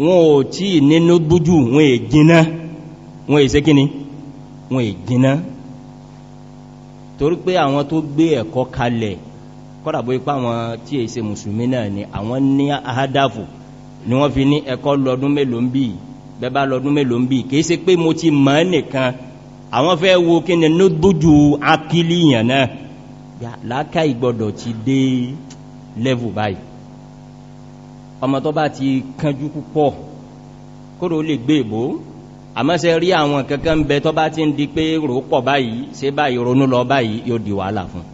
wọn ò tí nínú gbújù wọn è jiná e wọn èsẹ́ kíni wọn èjìná torí pé àwọn tó gbé ẹ̀kọ́ kalẹ̀ kọ́dàbó ipá àwọn tí è ṣe mùsùlùmí náà ni àwọn ní àádáfù ni wọ́n fi ní ẹ̀kọ́ lọ́dún mélòó ń bí bẹ́bá lọ́dún mélòó ń bí kìí ṣe pé mo ti mọ̀ nìkan àwọn fẹ́ wo kí ni ní dójú akílíyàn náà láká ìgbọ́dọ̀ ti dé lẹ́vù báyìí ọmọ tó bá ti kánjú púpọ̀ kódò lè gbé ìbò àmọ́sẹ̀ rí àwọn kankan ń bẹ tó bá ti ń di pé rò pọ̀ báyìí ṣe báyìí ronú lọ báyìí yóò di wàhálà fún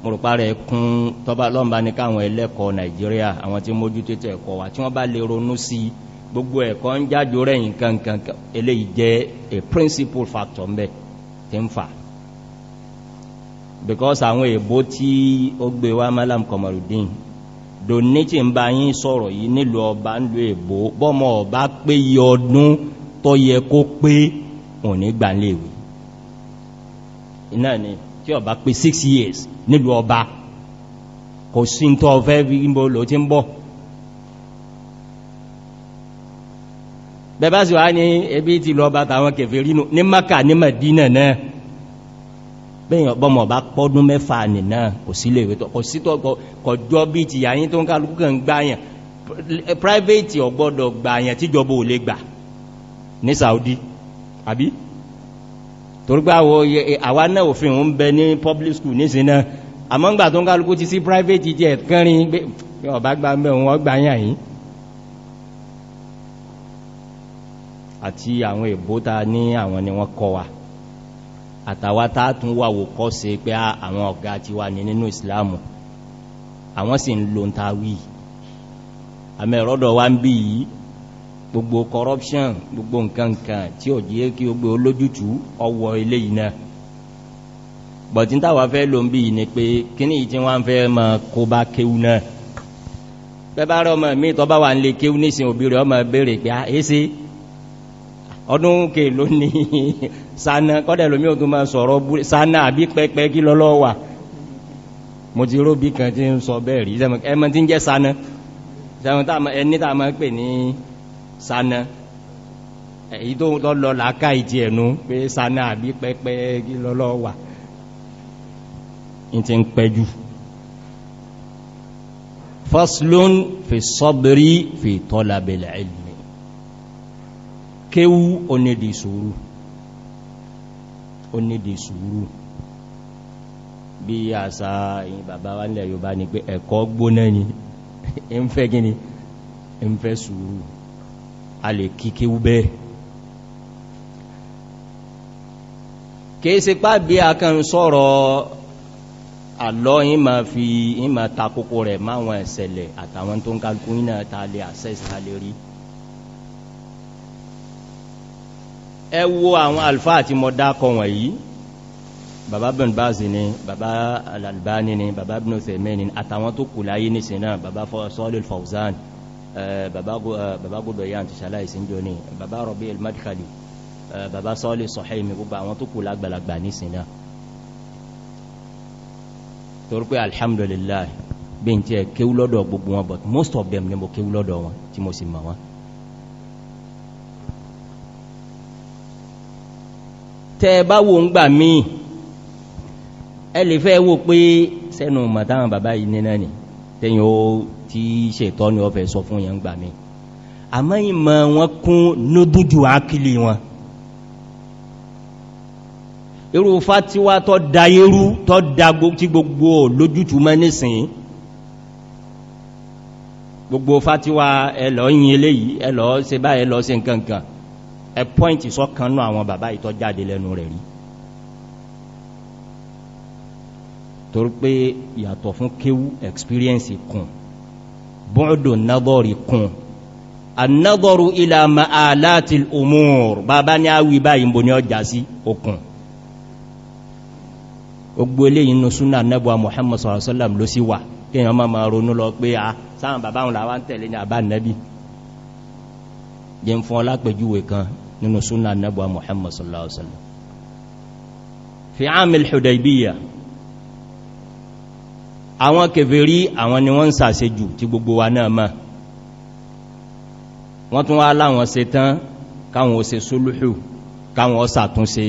mo rò parẹ́ kún tọ́ba lọ́nba ní káwọn ẹlẹ́kọ̀ọ́ nàìjíríà àwọn tí mójú tètè ẹ̀kọ́ wa tí wọ́n bá lè ronú sí gbogbo ẹ̀kọ́ ń jájò rẹ̀yìn kankan eléyìí jẹ́ a principal factor ń bẹ tí ń fà because àwọn èèbó tí ó gbé wa malam kọmọrùdín dòní tí ń bá yín sọ̀rọ̀ yìí nílùú ọba ń lò èbó bọ́mọ ọba pé yí ọdún tó yẹ kó pé wọn ní gbà léèwé iná ni tí ọba pé six years nílùú ọba kò sí ń tọ́ ọfẹ́ ìgbò ló ti ń bọ̀ bẹ́bá sì wá ní ẹbí ti lọ bá tàwọn kẹfẹ́ rínú ní maka ní madina náà bẹ́yàn bọ́mọ̀ bá pọ́dún mẹ́fà nìna kò sí lè wẹ́tọ̀ kò sí tọ́gbọ́ kọjọ́ bí ti yàyín tó ń kálukú kan gbáyàn private ọgbọ́dọ̀ gbáyàn tíjọba ò lè gbà ní saudi àbí torígbàwọ̀ àwa náà òfin ń bẹ ní public school ní sinna àmọ́ngbà tó ń kálukú ti sí private jẹ́ kẹrin ọba gbà mẹ́wọ́n gbáyàn yìí àti àwọn ìbóta ní àwọn ni wọ́n kọ wa àtàwátá tún wà wò kọ́ sí pé àwọn ọ̀gá ti wà ní nínú ìsìláàmù àwọn sì ń lo ta wí àmì ẹ̀rọ́dọ̀ wá ń bí yìí gbogbo corruption gbogbo nkankan tí ò jí kí gbogbo olójútù ọwọ́ ilé iná bọ̀tí táwà fẹ́ lo ń bí yìí ni pé kíní tí wọ́n fẹ́ mọ kó bá kéwú náà bẹ́bá rẹ̀ ọmọ mi tọ́ bá wà ń lè kéwú nísìn òbí ọmọ béèrè pé àéṣe ah, ọdún òkè ló ní sánà kọ́dẹ̀ lómi ò tó máa sọ̀rọ̀ sánà àbí pẹ́pẹ́ kí lọ́lọ́ wà mo ti róbí kan tí ń sọ bẹ́ẹ̀ rí ẹmọ tí ń jẹ́ sánà ẹni tàà máa pè ní sánà èyí tó lọ làákà ìtì ẹ̀nu pé sánà àbí pẹ́pẹ́ kí lọ́lọ́ wà ti ń pẹ́jú faslun fi sọ́bìrí fi tọ́labẹ̀lẹ̀ ìlú kéwú onídi sùúrù onídi sùúrù bí àṣà ìyìn bàbá wa nílẹ̀ Yorùbá ni pé ẹ̀kọ́ gbóná ni ń fẹ́ gíní ń fẹ́ sùúrù a lè kí kéwú bẹ́ẹ̀ kìí ṣe pá bí a kan sọ̀rọ̀ àlọ́ yìí ma fi yìí ma takókò rẹ̀ máwọn ẹ̀sẹ̀lẹ̀ àtàwọn tó ń kálukú yìí náà ta lè access ta lè rí ẹ wo àwọn alfa àti mọ̀dá kọ wọ̀nyí bàbá bin báàzì ni bàbá al-Albani ni bàbá bin Uthaymin ni àtàwọn tó kù láyé nìsìn náà bàbá Salih Fawzan bàbá gbọdọ̀ yá àti sàláìsí ń jọ ní bàbá Rabi al-Madkhali bàbá Salih Suhaimi gbogbo àwọn tó kù lágbàlagbà nìsìn náà torí pé alhamdulillah bí n tiẹ̀ kéwú gbogbo wọn but most of them ni mo kéwú wọn tí mo sì mọ̀ wọn tẹ́ bá wo ń gbà míì ẹ lè fẹ́ wò pé sẹ́nu mọ̀táwọn bàbá yìí nínà nì tẹ́yìn ó tí ṣètọ́ ni ó sọ fún yẹn gbà míì àmọ́ ìmọ̀ wọn kún nódújù ákìlì wọn irú fátíwá tọ́ da irú tọ́ da tí gbogbo lójútù mọ́ nísìn gbogbo fátíwá ẹlọ́ yìn eléyìí ẹlọ́ ṣe báyẹ̀ lọ sí nkankan ẹ pọ́ìntì sọ́kànnú àwọn bàbá ìtọ́ jáde lẹ́nu rẹ̀ rí torí pé yàtọ̀ fún kéwú experience kùn bọ́ọ̀dọ̀ nádọ́rì kùn annadọ́rù ilà ma'aláti umur bàbá ní àwí báyìí mbò ní ọjà sí okùn ogbó eléyìn inú súnà nẹ́bùwa muhammad sallallahu ló sí wà kí èyàn máa ronú lọ pé a ah, sáwọn bàbá wọn làwọn tẹ̀lé ní àbá nẹ́bí jẹ́ fún ọlápẹ̀júwe kan nínú súnà nẹ́bọ̀ Muhammad sallallahu alaihi wasallam fi ámìl Hudaybiyah àwọn kèfèrí àwọn ni wọ́n ń sàṣejù tí gbogbo wa náà máa wọ́n tún wá láwọn ṣe tán káwọn ó ṣe sólúhù káwọn ó ṣàtúnṣe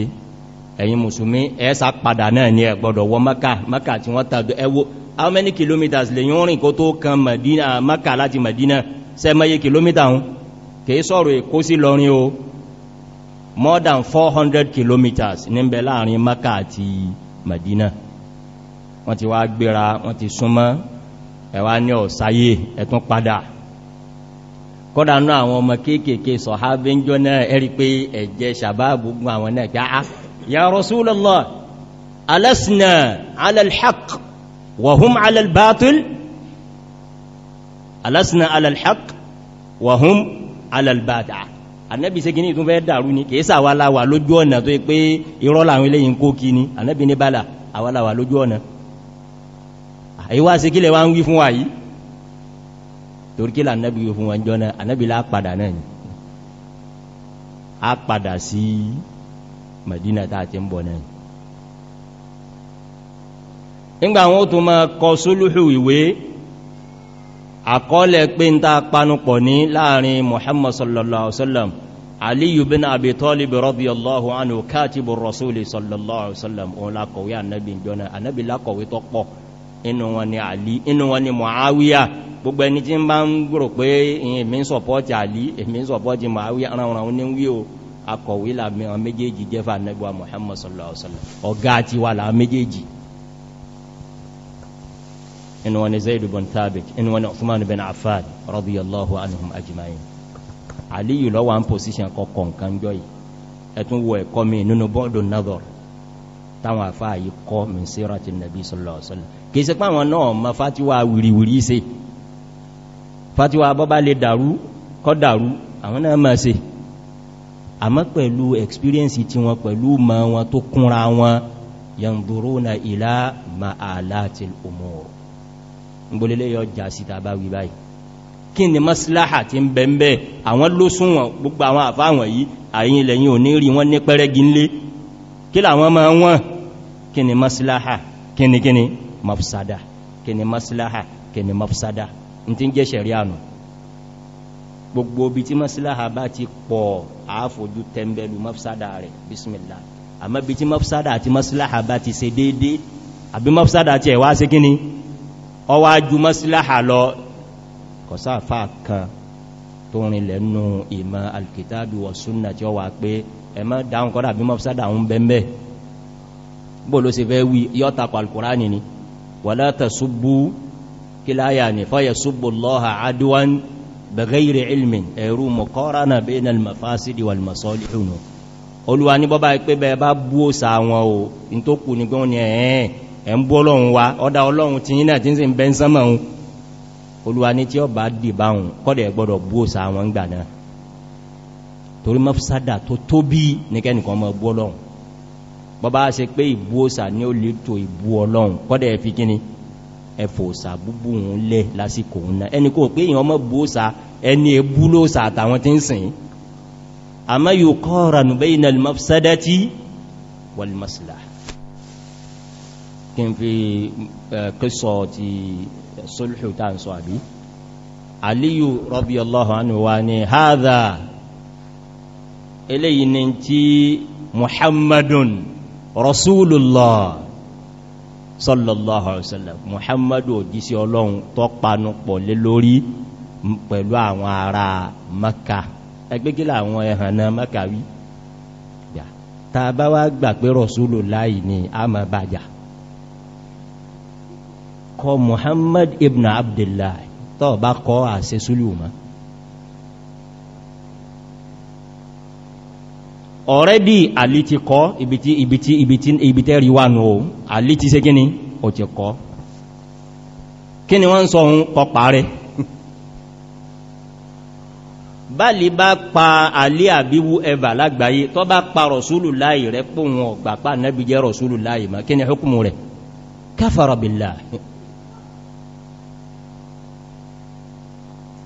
ẹ̀yin mùsùlùmí ẹ́sà padà náà ní ẹ gbọ́dọ̀ wọ Mákà Mákà tí wọ́n tàbí ẹwọ́ how many kilometers lè yún rìn kó tó kan Mádínà Mákà láti Mádínà sẹ́mọ́yé kilometer hun kìí sọ̀rọ̀ Èkó sí lọrin o more than 400 kilometers níbẹ̀ láàrin maka àti madina wọ́n ti wá gbéra wọ́n ti súnmọ́ ẹ̀wà ní ọ̀sáyé ẹ̀tún padà kọ́dà náà àwọn ọmọ kéèkèé sọ̀hábé ń jọ náà ẹ̀rí pé ẹ̀jẹ́ sàbáàbù gún àwọn náà kí á ah, yà rọ̀súlọ́lọ́ alẹ́sìnà alẹ́lhaq wọ̀hún alẹ́lbátul alẹ́sìnà alẹ́lhaq wọ̀hún alẹ́lbátul ànẹ́bì ṣe kìíní ìtún fẹ́ dàrú ní kìíṣà wà láwà lójú ọ̀nà tó yí pé irọ́ làwọn ilé yìí kó kí ní ànẹ́bì ní bàlà àwàláwà lójú ọ̀nà àìwá sí kílẹ̀ wá ń wí fún wa yìí torí kílà ànẹ́bì wí fún wa jọ náà ànẹ́bì lá padà náà ni a padà sí Madina tá a ti ń bọ̀ náà nígbà wọn ó tún máa kọ sólúhù ìwé àkọọ́lẹ̀ pé ń ta panupọ̀ ní láàrin Muhammad sallallahu alaihi wasallam aliyu bin abi talibi radiyallahu anhu katibu rasuli sallallahu alaihi wasallam on la kọ̀wé anabi jona anabi la kọ̀wé tó pọ̀ inú wọn ni ali inú wọn ni muawiya gbogbo ẹni tí ń bá ń gbòrò pé èmi ń sọpọ́tì ali èmi ń sọpọ́tì muawiya ara wọn ni wí o akọ̀wé la mìíràn méjèèjì jẹ́ fà nẹ́gbà muhammad sallallahu alaihi wasallam ọ̀gá ti wà láà méjèèjì inú wọn ni bin thabit inú wọn uthman bin affan radiyallahu anhum ajma'in àlíyù lọ́wà ń pòsíṣàn kọkọ̀ nǹkan jọ yìí ẹ̀tún wo ẹ̀kọ́ mi nínú bọ́ọ̀dù náà táwọn àfá yìí kọ́ min sírati nàbí sọ́lọ̀ọ̀sọ́lọ̀ kìí sí páwọn náà ma fátíwà wìrìwìrì se fátíwà bọ́bá lè dàrú kọ́ dàrú àwọn náà ma se àmọ́ pẹ̀lú experience tí wọn pẹ̀lú ma wọn tó kúnra wọn yanzuruna ila ma'alatil umur ngbólélé yọ jà síta bá wí báyìí kí ni maslaha ti ń bẹ̀ ń bẹ̀ àwọn ló súnwọ̀n gbogbo àwọn àfáwọn yìí àyín ilẹ̀yìn ò ní rí wọ́n ní pẹ́rẹ́gì ńlé kí làwọn máa wọ́n kí ni maslaha kí ni kí ni mafsada kí ni maslaha kí ni mafsada n ti ń jẹ́ sẹ̀rí ànù gbogbo bí tí maslaha bá ti pọ̀ àáfojú tẹ́m̀bẹ̀lú mafsada rẹ̀ bismillah àmọ́ bí tí mafsada àti maslaha bá ti se déédé àbí mafsada ti ẹ̀wá sí kíní ọwájú maslaha lọ kọ̀sáàfà kan tó rinlẹ̀ nù ìmọ̀ alkitabi wa súnà tí ó wà pé ẹmọ́ dáhùn kọ́dà bí mọ́ sádà ń bẹ́m̀bẹ́ bó ló sì fẹ́ wí yọ́tàkọ̀ alkùránì ni wala tasubbu kí láyà ní fọ́yẹ̀ súbù lọ́ha adúwán bẹ̀gẹ́rì ilmin ẹ̀rù muqarana bayna al-mafasidi wal-masalih olúwa ní bọ́bá pé bẹ́ẹ̀ bá bú òsà wọn o in tó kù ní gbọ́n ni ẹ̀ẹ́ ẹ̀ ń bú ọlọ́run wa ọdá ọlọ́run ti yínà tí ń ń bẹ́ ń olúwa ní tí ó bá dìbáhùn kọ́dẹ̀ gbọ́dọ̀ bú òsà àwọn ìgbà náà torí mọ́fúsádà tó tóbi ní kẹ́nìkan mọ́ bú ọlọ́run bọ́bá ṣe pé ìbú òsà ní ó lè tó ìbú ọlọ́run kọ́dẹ̀ fi kíni ẹfò òsà búbú òun lẹ́ lásìkò òun náà ẹni kò pé èèyàn mọ́ bú ẹni ebú lóòsà àtàwọn tí ń sìn àmọ́ yóò kọ́ ọ̀rọ̀ nùbẹ́ ìnà mọ́fúsádàtì wàlmọ́sílà kí n fi kí sọ ti sulhu ta ń sọ àbí aliyu radiyallahu anhu wa ni haza eléyìí ni tí muhammadun rasulullah sallallahu alaihi wasallam muhammadu òjísí ọlọ́run tó panupọ̀ lé lórí pẹ̀lú àwọn ará maka ẹgbẹ́gílà àwọn ẹ̀hànà maka wí ta bá wá gbà pé rasulullah ni a ma bàjá kọ muhammad ibn abdullah tọ́ bá kọ́ àṣẹ súlùmọ́ ọ̀rẹ́dì àlì ti kọ́ ibìtí ibìtí ibìtí ibìtẹ́ rí wà nù àlì ti ṣe kí ni ò ti kọ́ kí ni wọ́n ń sọ ohun kọ parẹ́ báàlì bá pa àlì àbíwú ẹbà lágbàáyé tọ́ bá pa rọ̀súlù láì rẹ̀ pòun ọ̀gbà pa nẹ́bí jẹ́ rọ̀súlù láì mọ́ kí ni hukumu rẹ̀ káfàrọ̀bìlà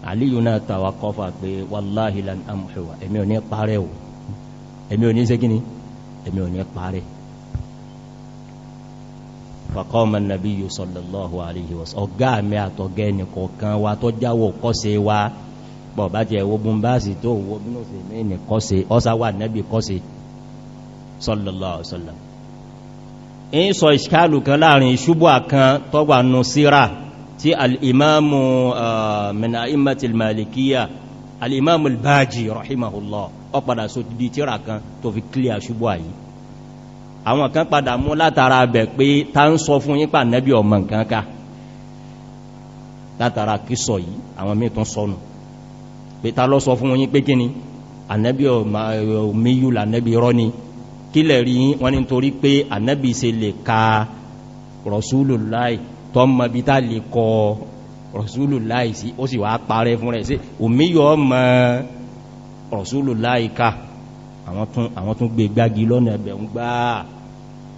aliyu náà tàwa kọfà pé wàláhi lan amuhiwa èmi ò ní parẹ́ o èmi ò ní segini èmi ò ní parẹ́ fàkọ́mà nàbí yóò sallallahu alayhi wa sallam ọ̀gá mi àtọ̀gẹ́ nìkọ̀ọ̀kan wa tó jáwọ́ kọ́sẹ̀ wa bọ̀ bá jẹ́ ogun bá sì tó owó bínú sí mẹ́ni kọ́sẹ̀ ọ́sá wà nàbí kọ́sẹ̀ sallallahu alayhi ń sọ ìṣkálù kan láàrin ìṣubú àkan tọ́gbà nù síra tí al'imamu uh, mina imatil malikiya al'imamu albaji rahimahullah ọ padà so bí tíra kan tó fi kílẹ̀ aṣubú ayi àwọn kan padà mú látara bẹ̀ pé ta ń sọ fún yípa nẹ́bí ọmọ nǹkan ká látara kí sọ yìí àwọn mí tún sọnù pé ta lọ sọ fún yín pé kíni ànẹ́bí omíyù lànẹ́bí rọ́ni kílẹ̀ rí wọ́n ni torí pé ànẹ́bí se lè ka rọ̀súlù láì tó mọ bí tá lè kọ rọ̀súlù láìsí ó sì wá parẹ́ fún rẹ̀ sí òmíyọ mọ rọ̀súlù láìka àwọn tún gbé gbági lọ́nà ẹ̀bẹ̀ ń gbá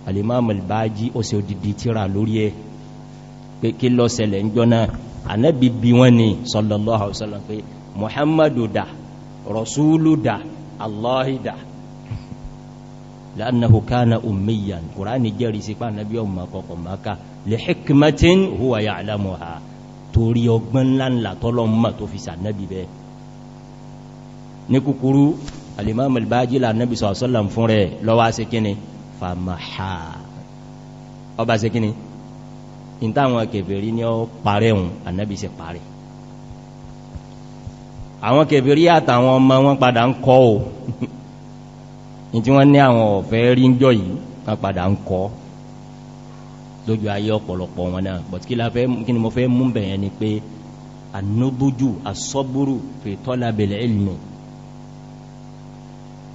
alìmáàmù ìbájí ó sì òdìdí tíra lórí ẹ̀ pé kí lọ sẹlẹ̀ ń jọ náà ànẹ́bí bí wọ́n ni sallallahu alaihi wasallam pé muhammadu da rọ̀súlù da allahi da لأنه كان أميا قرآن جاري سيقى نبي أمة قمك لحكمة هو يعلمها torí ọgbọ́n ńláńlá tọ́lọ́mà tó fi sànẹ́bì bẹ́ẹ̀ ní kúkúrú alìmọ́mù albájílá nẹ́bì sọ̀sọ́lá fún rẹ̀ lọ́wọ́ sí kíni fàmàhà ọba sí kíni in táwọn kèfèrí ní ọ parẹ́ hùn anẹ́bì sí parẹ́ àwọn kèfèrí àtàwọn ọmọ wọn padà ń kọ́ ní tí wọ́n ní àwọn ọ̀fẹ́ rí ń jọ yìí ká padà ń kọ́ lójú ayé ọ̀pọ̀lọpọ̀ wọn náà but kí ni mo fẹ́ mú bẹ̀yẹn ni pé anúbójú asọ́búrú fi tọ́lábẹ̀lẹ̀ ilmi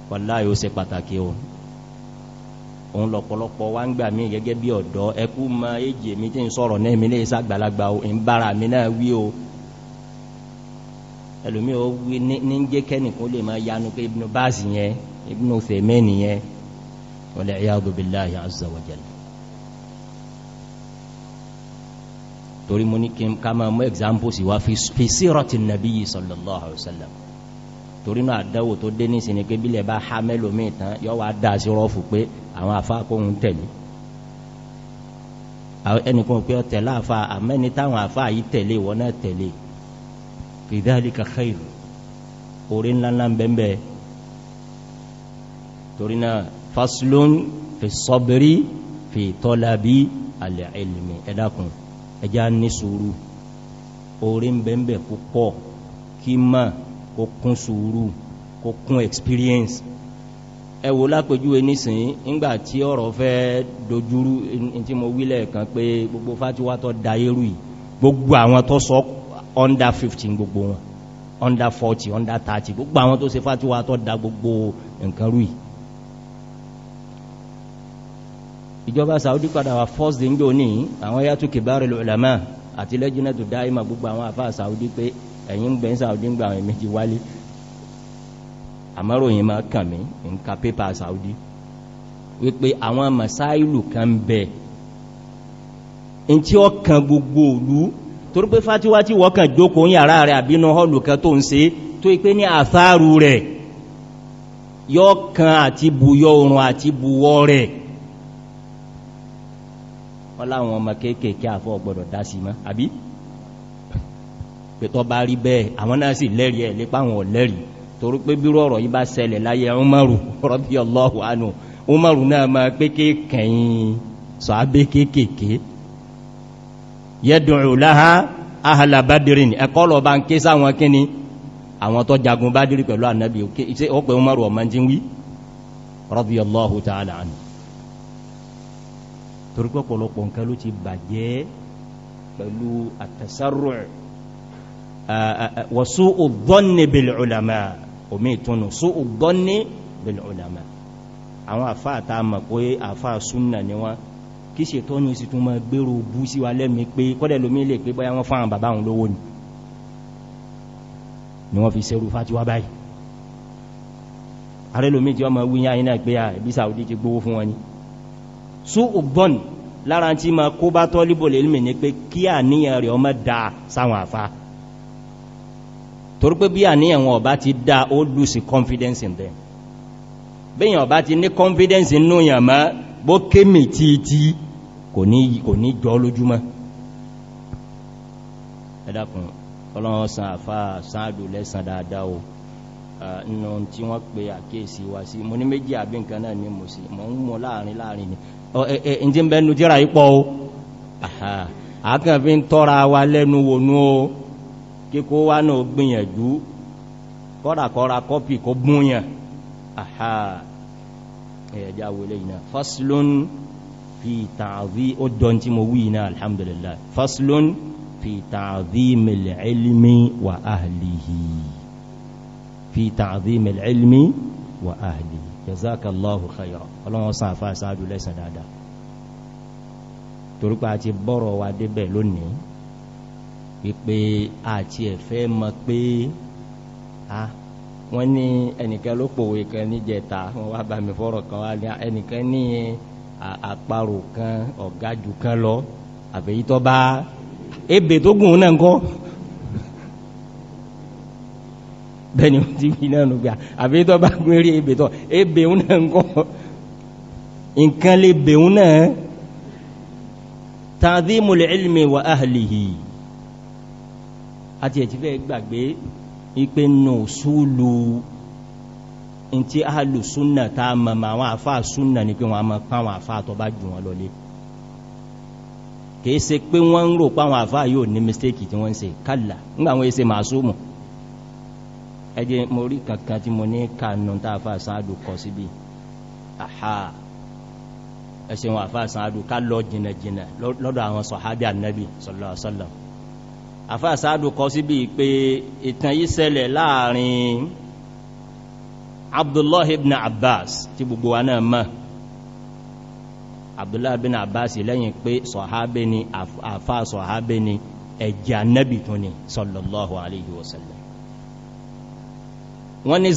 wàlá yóò ṣe pàtàkì o òun lọ̀pọ̀lọpọ̀ wá ń gbà mí gẹ́gẹ́ bí ọ̀dọ́ ẹkú ma èjì èmi tí ń sọ̀rọ̀ náà mi lè sàgbàlagbà o ń bára mi náà wí o ẹlòmí o wí ní jẹ́kẹ́ nìkan lè máa yanu pé ibùn báàsì yẹn Ibn Uthaymeen yẹn wal iyadu billahi azza wa jalla torí mo ní kí ká máa mú examples wá fi sírọ̀tì nàbí sallallahu alaihi wasallam torí náà àdáwò tó dé ní ìsinmi pé bílẹ̀ bá ha mẹ́lò mí ìtàn yọ́ wá dáa sí rọ́ọ̀fù pé àwọn àfá kóhun ẹnìkan pé ọ̀tẹ̀ láàfá àmẹ́ni táwọn àfá yìí tẹ̀lé wọ́n náà tẹ̀lé fi dhalika orí ńláńlá ń bẹ́ẹ̀ torí náà faslun fi sabri fi talabi al-ilmi ẹ̀dàkùn ẹjá ní sùúrù orí ń bẹ̀m̀bẹ̀ púpọ̀ kí ma kó kún sùúrù kó kún experience ẹ wò lápẹjúwe nísìn nígbàtí ọ̀rọ̀ fẹ́ dojúrú tí mo wílẹ̀ kan pé gbogbo fátíwá tó da eru yìí gbogbo àwọn tó sọ under 15 gbogbo wọn under 40 under 30 gbogbo àwọn tó ṣe fátíwá tó da gbogbo nǹkan rú yìí ìjọba saudi padà wà first day ńjọ ní àwọn yàtú kìbárì lọ́làmà àti lẹ́jìnà tó dá ìmọ̀ gbogbo àwọn àfáà saudi pé ẹ̀yìn ń saudi ń gba àwọn méjì wálé àmọ́ròyìn máa kàn mí nǹka pépà saudi wípé àwọn masáìlù kan bẹ̀ ń tí ó kan gbogbo òlú torí pé fatiwa tí wọ́n kàn jókòó yàrá rẹ̀ àbínú họ́ọ̀lù kan tó ń ṣe tó ipé ní àsáàrù rẹ̀ yọ́ kan àti buyọ́ oòrùn àti buwọ́ rẹ̀ wọ́n láwọn ọmọ kéékèèké àfọ́ ọgbọ̀dọ̀ dá sí mọ́ àbí pẹ̀tọ́ bá rí bẹ́ẹ̀ àwọn náà sì lẹ́rìí ẹ̀ lépa àwọn ọ̀lẹ́rìí torí pé bí rọ̀rọ̀ yí bá ṣẹlẹ̀ láyé Umaru rọ́bí ọlọ́hu anú Umaru náà máa pé kéèkẹ̀yìn sọ abé kéèkèé yẹ́dùn ìrùláha ahàlà torí pé ọ̀pọ̀lọpọ̀ nǹkan ló ti bàjẹ́ pẹ̀lú àtẹ̀sárò wa su'u dhanni bil ulama omi ìtúnu su'u dhanni bil ulama àwọn àfáà tá mọ̀ pé àfáà súnà ni wọ́n kí ṣètò ní oṣù tó máa gbèrò bú sí wa lẹ́mi pé kọ́dẹ̀ lómi lè pé báyá wọ́n fáwọn bàbá òun lówó ni ni wọ́n fi ṣerú fátíwá báyìí ààrẹ lómi tí wọ́n máa wíyá iná pé à ìbí Saudi ti gbówó fún wọn ni sú ògbọ́n lára tí ma kó bá tọ́líbò lè mì ní pé kí àníyàn rẹ̀ ọmọ da sáwọn àfa torí pé bí àníyàn wọn ọba ti da ó lùsì confidence in them bẹ́yàn ọba ti ní confidence inú yàn mọ́ bó kémì títí kò ní jọ lójúmọ́ ẹ̀dàkùn ọlọ́run san àfá sáàdù lẹ́sàn dáadáa o nínú tí wọ́n pe àkíyèsí wa sí mo ní méjì àbí nǹkan náà ni mo sì mọ̀ ń mọ̀ láàrin láàrin ni ǹjẹ́ ń bẹnu jíra ipọ̀ o àkàn fi ń tọ́ra wa lẹ́nu wònú o kíkó wa náà gbìyànjú kọ́rakọ́ra kọ́pì kó búnyàn àhà ẹ̀yẹ̀já wòlé ìná faslun fi ta'dhi ó dọ́n tí mo wí iná alhamdulillah faslun fi ta'dhimil ilmi wa ahlihi fi ta'dhimil ilmi wa ahlihi jazakallahu khayran ọlọ́run san àfa sáájú lẹ́sàn dáadáa torípa àti bọ́rọ̀ wa débẹ̀ lónìí wípé àti ẹ̀fẹ́ mọ̀ pé a wọ́n ní ẹnìkan ló pòwe kan níjẹta wọ́n wá bá mi fọ́rọ̀ kan wá ní ẹnìkan ní àparò kan ọ̀gájú kan lọ àfẹ́yítọ́ bá ebè tó gùn náà ń kọ́ bẹ́ẹ̀ni ó ti fi náà nù gbà àbí tó bá gún eré ebè tọ́ ebè ń náà ń kọ́ nǹkan lè bè ń náà ta'dhimul ilmi wa ahlihi àti ẹ̀tí fẹ́ gbàgbé ipé nù súlù in tí ahlu súnà ta mọ̀mọ̀ àwọn àfá súnà ní pé wọ́n mọ̀ páwọn àfá tó bá jù wọn lọlé kìí ṣe pé wọ́n ń rò páwọn àfá yóò ní mistake tí wọ́n ń ṣe kálà nígbà wọ́n ṣe màásùmù ẹjẹ́ mo rí kankan tí mo ní kànú tá a fà sáàdù kọ síbi àhá ẹsẹ̀ wọn àfà sáàdù ká lọ jìnà jìnà lọ́dọ̀ àwọn sọ̀hábí ànábì sallallahu alaihi wasallam àfà sáàdù kọ síbi pé ìtàn yìí ṣẹlẹ̀ láàrin abdullahi ibn abbas tí gbogbo wa náà mọ̀ abdullahi ibn abbas lẹ́yìn pé sọ̀hábí ni àfà sọ̀hábí ni ẹ̀jẹ̀ ànábì tún ni sallallahu alaihi wasallam wọ́n ni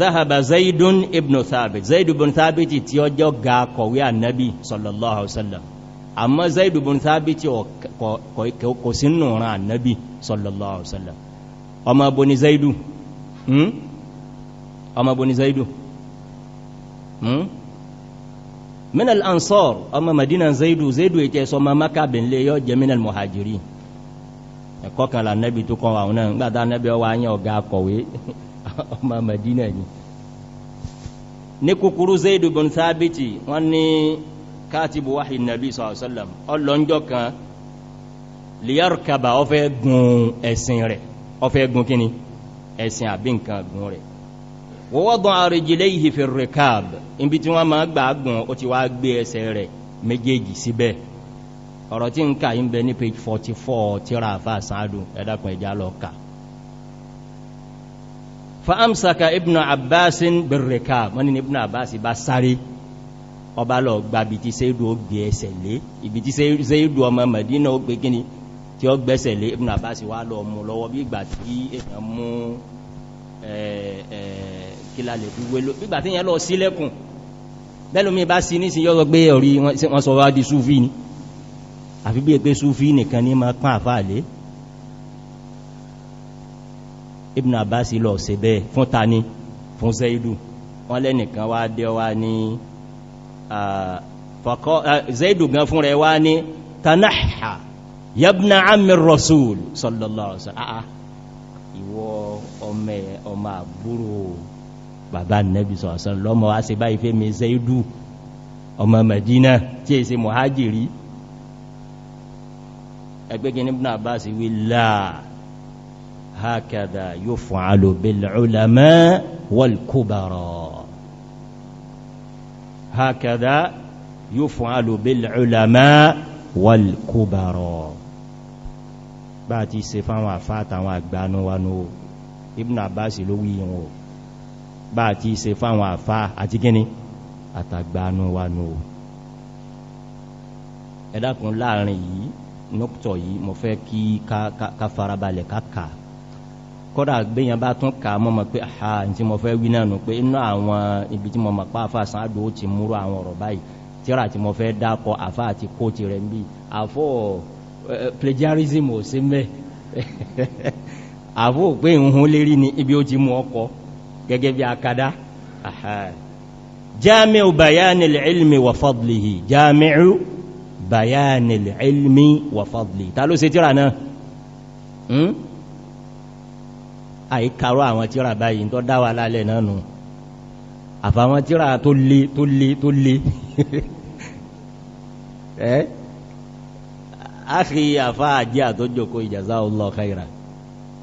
záhàbà zaidun ibn thabit zaidun ibn thabit tí ó jọ ga kọ̀wé ànábì sallallahu alaihi wasallam àmọ́ zaidun ibn thabit kò sí nùran ànábì sallallahu alaihi wasallam ọmọ bo ni zaidun hmm? ọmọ bo ni zaidun hmm? min al-ansar ọmọ madina zaidu zaidu yake sọ ma maka bin le yọ jẹ min muhajiri ẹ̀kọ́ kan la nẹ́bi tó kọ́ àwọn náà nígbàtà nẹ́bi ọwọ́ anyẹ ọ̀gá akọ̀wé ọmọ Madina ni ní kúkúrú Zaid ibn Thabit wọ́n ní katibu wahyi nabi sallallahu alaihi wasallam ọlọ́njọ́ kan liyarkaba ó fẹ́ gun ẹ̀sìn rẹ̀ ó fẹ́ gun kíni ẹ̀sìn àbí nǹkan gun rẹ̀ wawada'a rijlayhi fi rikab ibi tí wọ́n máa gbà gùn ó ti wá gbé ẹsẹ̀ rẹ̀ méjèèjì síbẹ̀ ọ̀rọ̀ tí ń kà yí bẹ ní page 44 tíra àfà sáádùn ẹ̀dàkùn ẹ̀já lọ kà fa'amsaka ibn abbasin birrika wọ́n ni ibn abbas bá sáré ọba lọ gba ibi tí sẹ́ẹ̀dù ó gbé ẹsẹ̀ lé ibi tí sẹ́ẹ̀dù ọmọ mẹ̀dínà ó gbé gíní tí ó gbẹ́sẹ̀ lé ibn abbas wá lọ mú lọ́wọ́ bí ìgbà tí èèyàn mú kílà lè fi wélò bí ìgbà tí yẹn lọ sílẹ̀kùn bẹ́lómi bá sí nísìn yọ́ gbé ọ̀rí wọ́n sọ wá di súfí ni àfi bí i pé súfí nìkan ní ma pán àfáà lé ibn abbas lọ ṣe bẹ́ẹ̀ fún tani fún zaidu wọ́n lẹ́nìkan wá dé wá ní fọ́kọ́ zaidu gan fún rẹ̀ wá ní tanaha yabna amir rasul sallallahu alaihi wasallam ah, ah. ìwọ ọmọ ọmọ àbúrò bàbá nẹ́bí sọ̀sán lọ́mọ wá sí báyìí ọmọ madina tí èsì mọ̀hájì rí ẹgbẹ́gẹ́ ní ibn abbas wí láà هكذا يفعل بالعلماء والكبراء هكذا يفعل بالعلماء والكبراء باتي سيفان وفاتا واقبانو وانو. ابن عباس لويون باتي سيفان وفا أتكني أتقبان ونو ẹ̀dàkùn láàrin yìí nọ́pùtọ̀ yìí mọ̀ fẹ́ kí ká farabalẹ̀ káàkàá kọ́dà gbéyàn bá tún kà mọ́ mọ̀ pé àhà tí mo fẹ́ wí náà nù pé inú àwọn ibi tí mo mọ̀ pa àfà sáàdù ó ti múrò àwọn ọ̀rọ̀ báyìí tíra tí mo fẹ́ dákọ̀ àfà àti kó ti rẹ̀ bí àfọ́ plagiarism ò sí mẹ́ àfọ́ pé ìhun lérí ni ibi ó ti mú ọkọ̀ gẹ́gẹ́ bí akada jami'u bayanil ilmi wa fadlihi jami'u bayanil ilmi wa fadlihi ta ló ṣe tíra náà hmm? àìkàrọ àwọn tíra báyìí tó dáwà lálẹ̀ náà nù àfàwọn tíra tó lé tó lé tó lé ẹ́ áàkì àfá àjẹ́ àtọ́jọ́kó jazakallahu khairan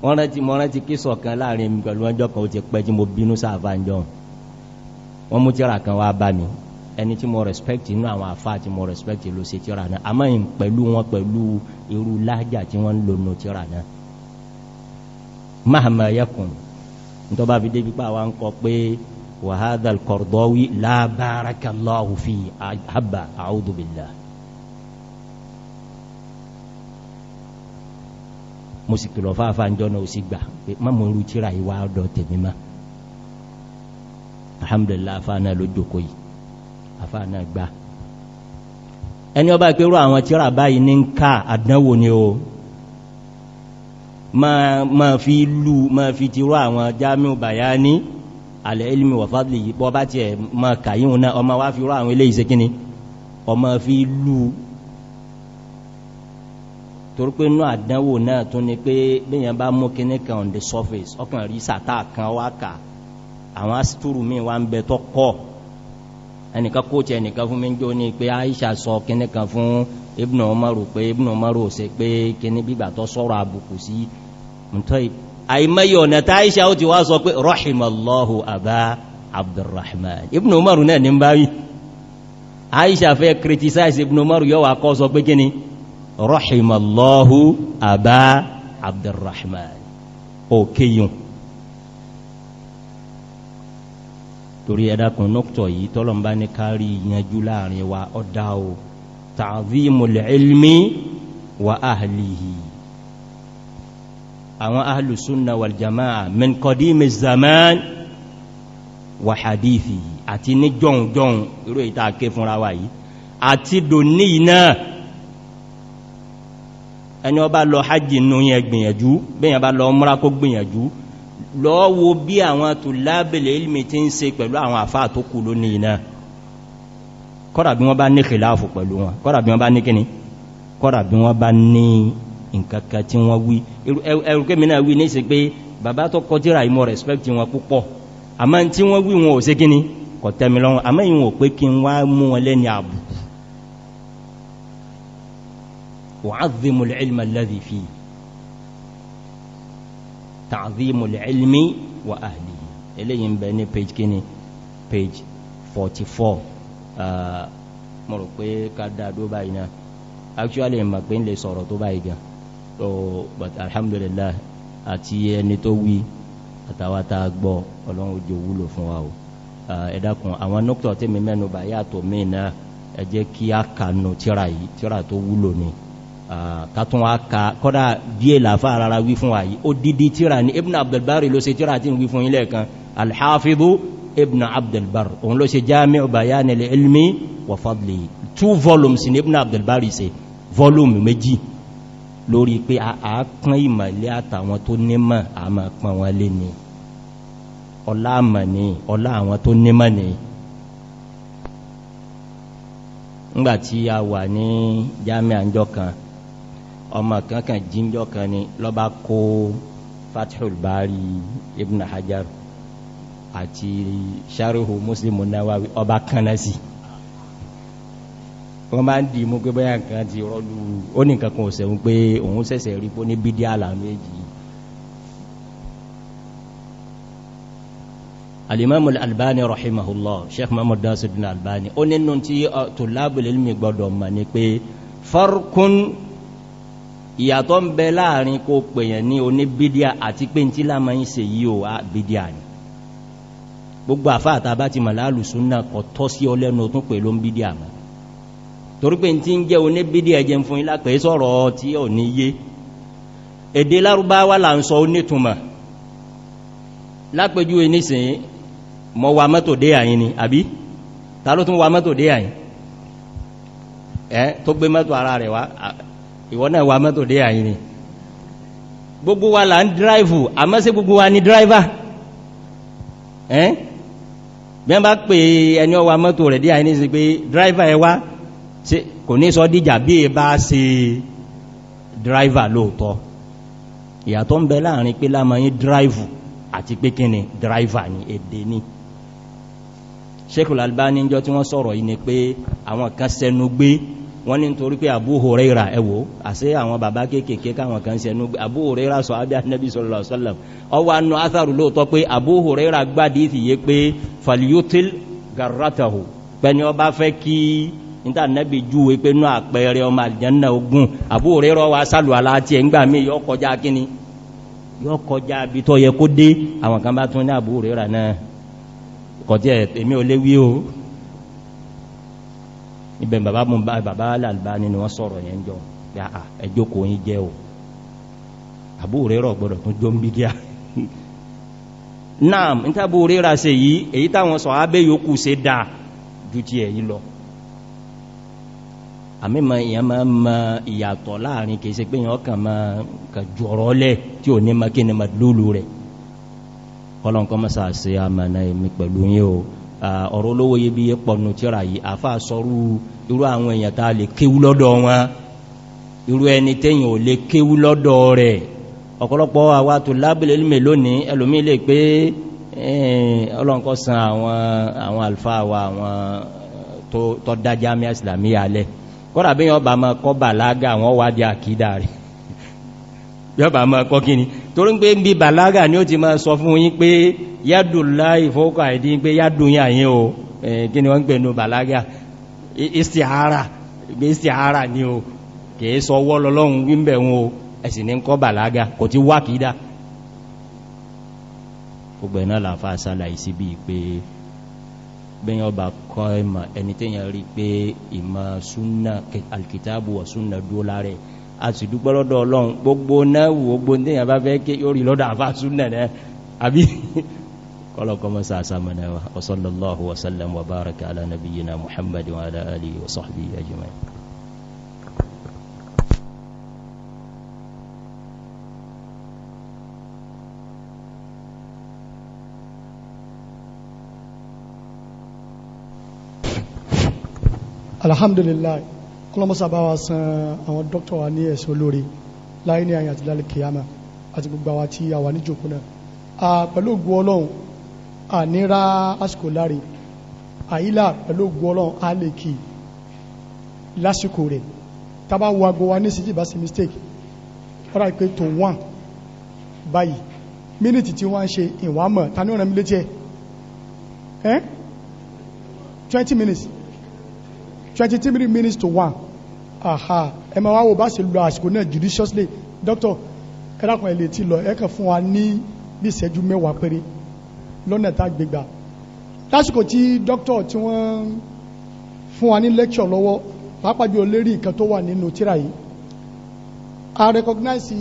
wọ́n rántí mọ́ rántí kí sọ̀kan láàrin pẹ̀lú ọjọ́ kan ó ti pẹ́ tí mo bínú sáàfà ń jọun wọ́n mú tíra kan wá bá mi ẹni tí mo respect inú àwọn àfá tí mo respect ló ṣe tíra náà àmọ́ pẹ̀lú wọn pẹ̀lú irú lájà tí wọ́n ń lò nù tíra náà mahama yakun nítorí bá fi débi pa àwa ń kọ pé wàhádà kọ̀rọ̀dọ́wì lábárakàláhù fi àbá àwùdùbìlà. mo sì kìlọ̀ fáfá ń jọ́nà òsì gbà pé má mo rú tíra ìwà ọ̀dọ̀ tèmi má alhamdulilah afa náà ló jòkó yìí afa gbà ẹni ọba ìpérò àwọn tíra báyìí ní ń ká àdánwò ni o ma ma fi lu ma fi ti rọ àwọn jamiu bayani alẹ́ ilmi wa fadli bọ́ bá ti ẹ̀ ma kàyíhun náà ọmọ wá fi rọ àwọn ilé ìṣẹ́ kíni ọmọ fi lu torí pé inú àdánwò náà tún ni pé bíyàn bá mú kíní kan on the surface ọkàn rí sàtà kan wá kà àwọn asítúrù míì wá ń bẹ tó kọ́ ẹnìkan kó tí ẹnìkan fún mi ń jó ní pé aisha sọ kíní fún ibnu umaru pé ibnu umaru ṣe pé kíní bígbà tó sọ̀rọ̀ àbùkù sí àìmẹ́yọ̀ ọ̀nà táíṣà ó ti wá sọ pé rahimallahu àbá abdurrahman ibn umaru náà ní báyí àìṣà fẹ́ criticize ibn umaru yóò wà kọ́ sọ pé gíní rahimallahu àbá abdurrahman òkèyàn torí ẹ̀dàkùn nọ́kùtọ̀ yìí tọ́lọ̀mbá ní kárí ìyànjú láàrin wa ọ̀dá o ta'zimul ilmi wa ahlihi àwọn ahlùsúnna wal jama'a min kọdími zaman wa hadithi àti ní jọun-jọun irú ìta ké fúnra wà yìí àti dòní náà ẹni ọba lọ hajji nú yẹn gbìyànjú bẹ́yàn bá lọ múra kó gbìyànjú lọ́wọ́ bí àwọn tùlábìlì ilmi ti ń se pẹ̀lú àwọn àfáà tó kú ló ní kọ́dà bí wọ́n bá ní kìláàfù pẹ̀lú wọn kọ́dà bí wọ́n bá ní kíní kọ́dà bí wọ́n bá ní nkankan tí wọ́n wí ẹrù kẹ́mi náà wí níṣe pé bàbá tó kọjíra ìmọ̀ respect wọn púpọ̀ àmọ́ tí wọ́n wí wọn ò ṣe kíni kò tẹ́mi lọ́rùn àmọ́ ìwọ̀n ò pé kí n wá mú wọn lẹ́ni àbùkù العلم الذي فيه تعظيم العلم وأهله إليهم بني page كيني page 44 mo rò pé ká dáa dó báyìí náà actually ìmọ̀ pé ń lè sọ̀rọ̀ tó báyìí gan so but alhamdulillah àti ẹni tó wí àtàwà tá a gbọ́ ọlọ́run ojú wúlò fún wa o ẹ dákun àwọn nọ́kítọ̀ tí mi mẹ́nu bá yàtọ̀ mí náà ẹ jẹ́ kí a kànú tíra yìí tíra tó wúlò ni kàtún wa ka kọ́dà díẹ̀ làfà rárá wí fún wa yìí ó dídí tíra ní ibn abdulbari ló ṣe tíra tí ń wí fún ilẹ̀ kan alhafidu ibn abdulbari òun ló ṣe jami'u bayanil ilmi wa fadli two volumes ní ibn abdulbari ṣe volume méjì lórí pé àápọn ìmọ̀lẹ́ àtàwọn tó nímọ̀ àmọ́ pọn wọn lé ni ọlá àmọ̀ ni ọlá àwọn tó nímọ̀ ni ńgbàtí a wà ní jami àjọ kan ọmọ kankan jíjọ kan ni lọ́ba kó fatihul bari ibn hajar àti sharuhu muslim nawawi ọba kanasi. Si wọ́n bá ń dì mú pé bóyá nǹkan ti rọ́lú ó ní nǹkan kan ò sẹ̀wọ́n pé òun sẹ̀sẹ̀ rí pó ní bídí àlàméjì alimamul albani rahimahullah sheikh mahmud dasuddin albani ó nínú tí uh, tulabul ilmi gbọdọ̀ mọ̀ ní pé farkun ìyàtọ̀ ń bẹ láàrin kó pèyàn ní oní bídíà àti pé tí lámà ń se yí o a bídíà ni gbogbo àfáàtà bá ti mọ̀ lálùsúnnà kọ̀ tọ́ sí ọlẹ́nu tún pè ló ń bídíà mọ́ torípé tí ń jẹ́ oníbídí ẹjẹ fún ilá pẹ̀ sọ́rọ̀ tí ò ní yé èdè lárúbáwá là ń sọ onítùmọ̀ lápẹjú enísìn mọ́ wa mọ́tò dé àyìn ni àbí ta ló tún wa mọ́tò dé àyìn ẹ́ tó gbé mọ́tò ara rẹ̀ wá ìwọ náà wa mọ́tò dé àyìn ni gbogbo wa là ń dráìvù àmọ́ sí gbogbo wa ni dráìvà ẹ́ bí wọ́n bá pè ẹni ọwa mọ́tò rẹ̀ dé àyìn ní sí pé dráìvà ẹ wá kò ní sọ díjà bí i bá ṣe driver lóòtọ́ ìyàtọ̀ ń bẹ láàrin pé lámọ́yí drive àti pé kí ni driver ni èdè ni Sheikhul Albani níjọ́ tí wọ́n sọ̀rọ̀ yìí ni pé àwọn kan sẹnu gbé wọ́n ní torí pé Abu Huraira ẹwò àṣẹ àwọn bàbá kéèkèé káwọn kan sẹnu gbé Abu Huraira sọ abẹ́ annabi sallallahu alaihi wasallam ọwọ́ anú Abu Huraira gbádìí ti yé pé falyutil garratahu pẹ́ni ọba níta nẹ́bí ju wípé náà àpẹẹrẹ ọmọ àlìjánná ogun àbú rírọ wa sálù aláàtì ẹ̀ ńgbà míì yọ kọjá kíni yọ kọjá bí tọ́ yẹ kó dé àwọn kan bá tún ní àbú rírà náà kọjá èmi ò lé wí o ibẹ̀ bàbá mú bàbá làlùbá nínú wọn sọ̀rọ̀ yẹn jọ ẹjọ́ kò yín jẹ́ o àbú rírọ̀ gbọ́dọ̀ tún jó ń bí díà naam níta bó rírà ṣe yìí èyí táwọn sọ̀ àmìmọ̀ èèyàn máa ma ìyàtọ̀ láàrin kìí ṣe pé èèyàn kàn ma kà jù ọ̀rọ̀ lẹ́ tí ò ní ma kí ni ma lúlù rẹ̀ ọlọ́nkọ́ mọ́sà sí àmàna èmi pẹ̀lú yí o ọ̀rọ̀ olówó yí bí pọ̀nù tíra yìí àfáà sọrú irú àwọn èèyàn ta lè kéwú lọ́dọ̀ wọn irú ẹni tẹ́yìn ò lè kéwú lọ́dọ̀ rẹ̀ ọ̀pọ̀lọpọ̀ àwa tó lábìlẹ̀ ilmi lónìí ẹlòmí lè pé ọlọ́nkọ́ san àwọn àlfáà wa àwọn tó dájá mi àsìlámí alẹ́ kọ́dà bí yọba máa kọ́ bàlágà wọ́n wá di àkídà rẹ̀ yọba máa kọ́ kíni torí pé bí bàlágà ni ó ti máa sọ fún yín pé yádùn láì fọ́kọ̀ àìdí pé yádùn yà yín o kí ni wọ́n ń pè nù bàlágà istihara gbé istihara ni o kìí sọ ọwọ́ wímbẹ̀ wọn o ẹ̀sìn ní kọ́ bàlágà kò ti wá gbogbo ẹ̀ náà làfáà sálà ìsibí pé bẹ́yàn ọba kọ́ ẹmà ẹni tẹ́yàn rí pé ìmọ̀ súnà alkitabu wà súnà dúó láàrẹ̀ a sì dúpẹ́ lọ́dọ̀ ọlọ́run gbogbo náà gbogbo tẹ́yàn bá fẹ́ ké yóò rí lọ́dọ̀ àfá súnà náà àbí kọlọ̀kọmọ́ sàásàmọ̀nà wa sallallahu wa sallam wa alhamdulilayi kọlọmọsá bá wa san àwọn dókítà wa ní ẹ̀sọ́ lórí láyé ní àyàn àti lálẹ́ kìyàmà àti gbogbo àwa tí a wà ní jòkó náà pẹ̀lú ògùn ọlọ́run àníra àsìkò láre àyílà pẹ̀lú ògùn ọlọ́run á lásìkò rẹ̀ tábà wo aago wa ní síjì bá sí mistake ọ̀rọ̀ ìpè tó wọ́n báyìí mínítì tí wọ́n ń ṣe ìwọ̀n mọ̀ ta ní ọ̀nà mi létí ẹ̀ 20 minutes twenty-three minutes to one aha ẹ máa wá wo bá ṣe lo àsìkò náà judiciously doctor ẹ dákun ẹ lè ti lọ ẹ kàn fún wa ní bí ìṣẹ́jú mẹ́wàá péré lọ́nà tá a gbé gbà lásìkò tí doctor tí wọ́n fún wa ní lecture lọ́wọ́ pàápàá bí olérí nǹkan tó wà nínú tíra yìí a recognize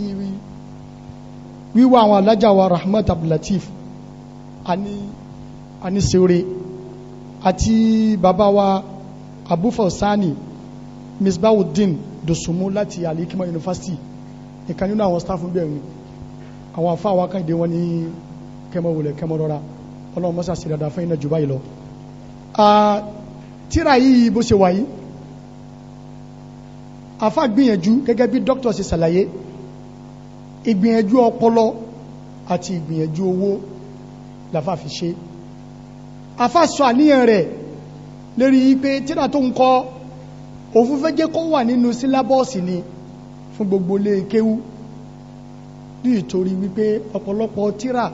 wíwá àwọn alájà wa Rahmat Abdulateef ani ani sere àti bàbá wa abúfọ̀ sani misbahudin dosunmu láti alikima university ìkan nínú àwọn staff bẹ̀rẹ̀ àwọn afá àwọn akáyìdé wọn ní kẹmọ̀wòlẹ̀ kẹmọ̀rọ̀ra ọlọ́run mọ́sá sí dada fún iná jù báyìí lọ tíra yìí bó ṣe wáyí afá gbìyànjú gẹ́gẹ́ bí dókítà ṣe ṣàlàyé ìgbìyànjú ọpọlọ àti ìgbìyànjú owó làfá fi ṣe afá sọ àníyàn rẹ̀ lérí pé tíra tó ń kọ́ òfin fẹ́ jẹ́ kó wà nínú sílábọ́ọ̀sì ni fún gbogbo ilé kéwú bí ìtorí wípé ọ̀pọ̀lọpọ̀ tíra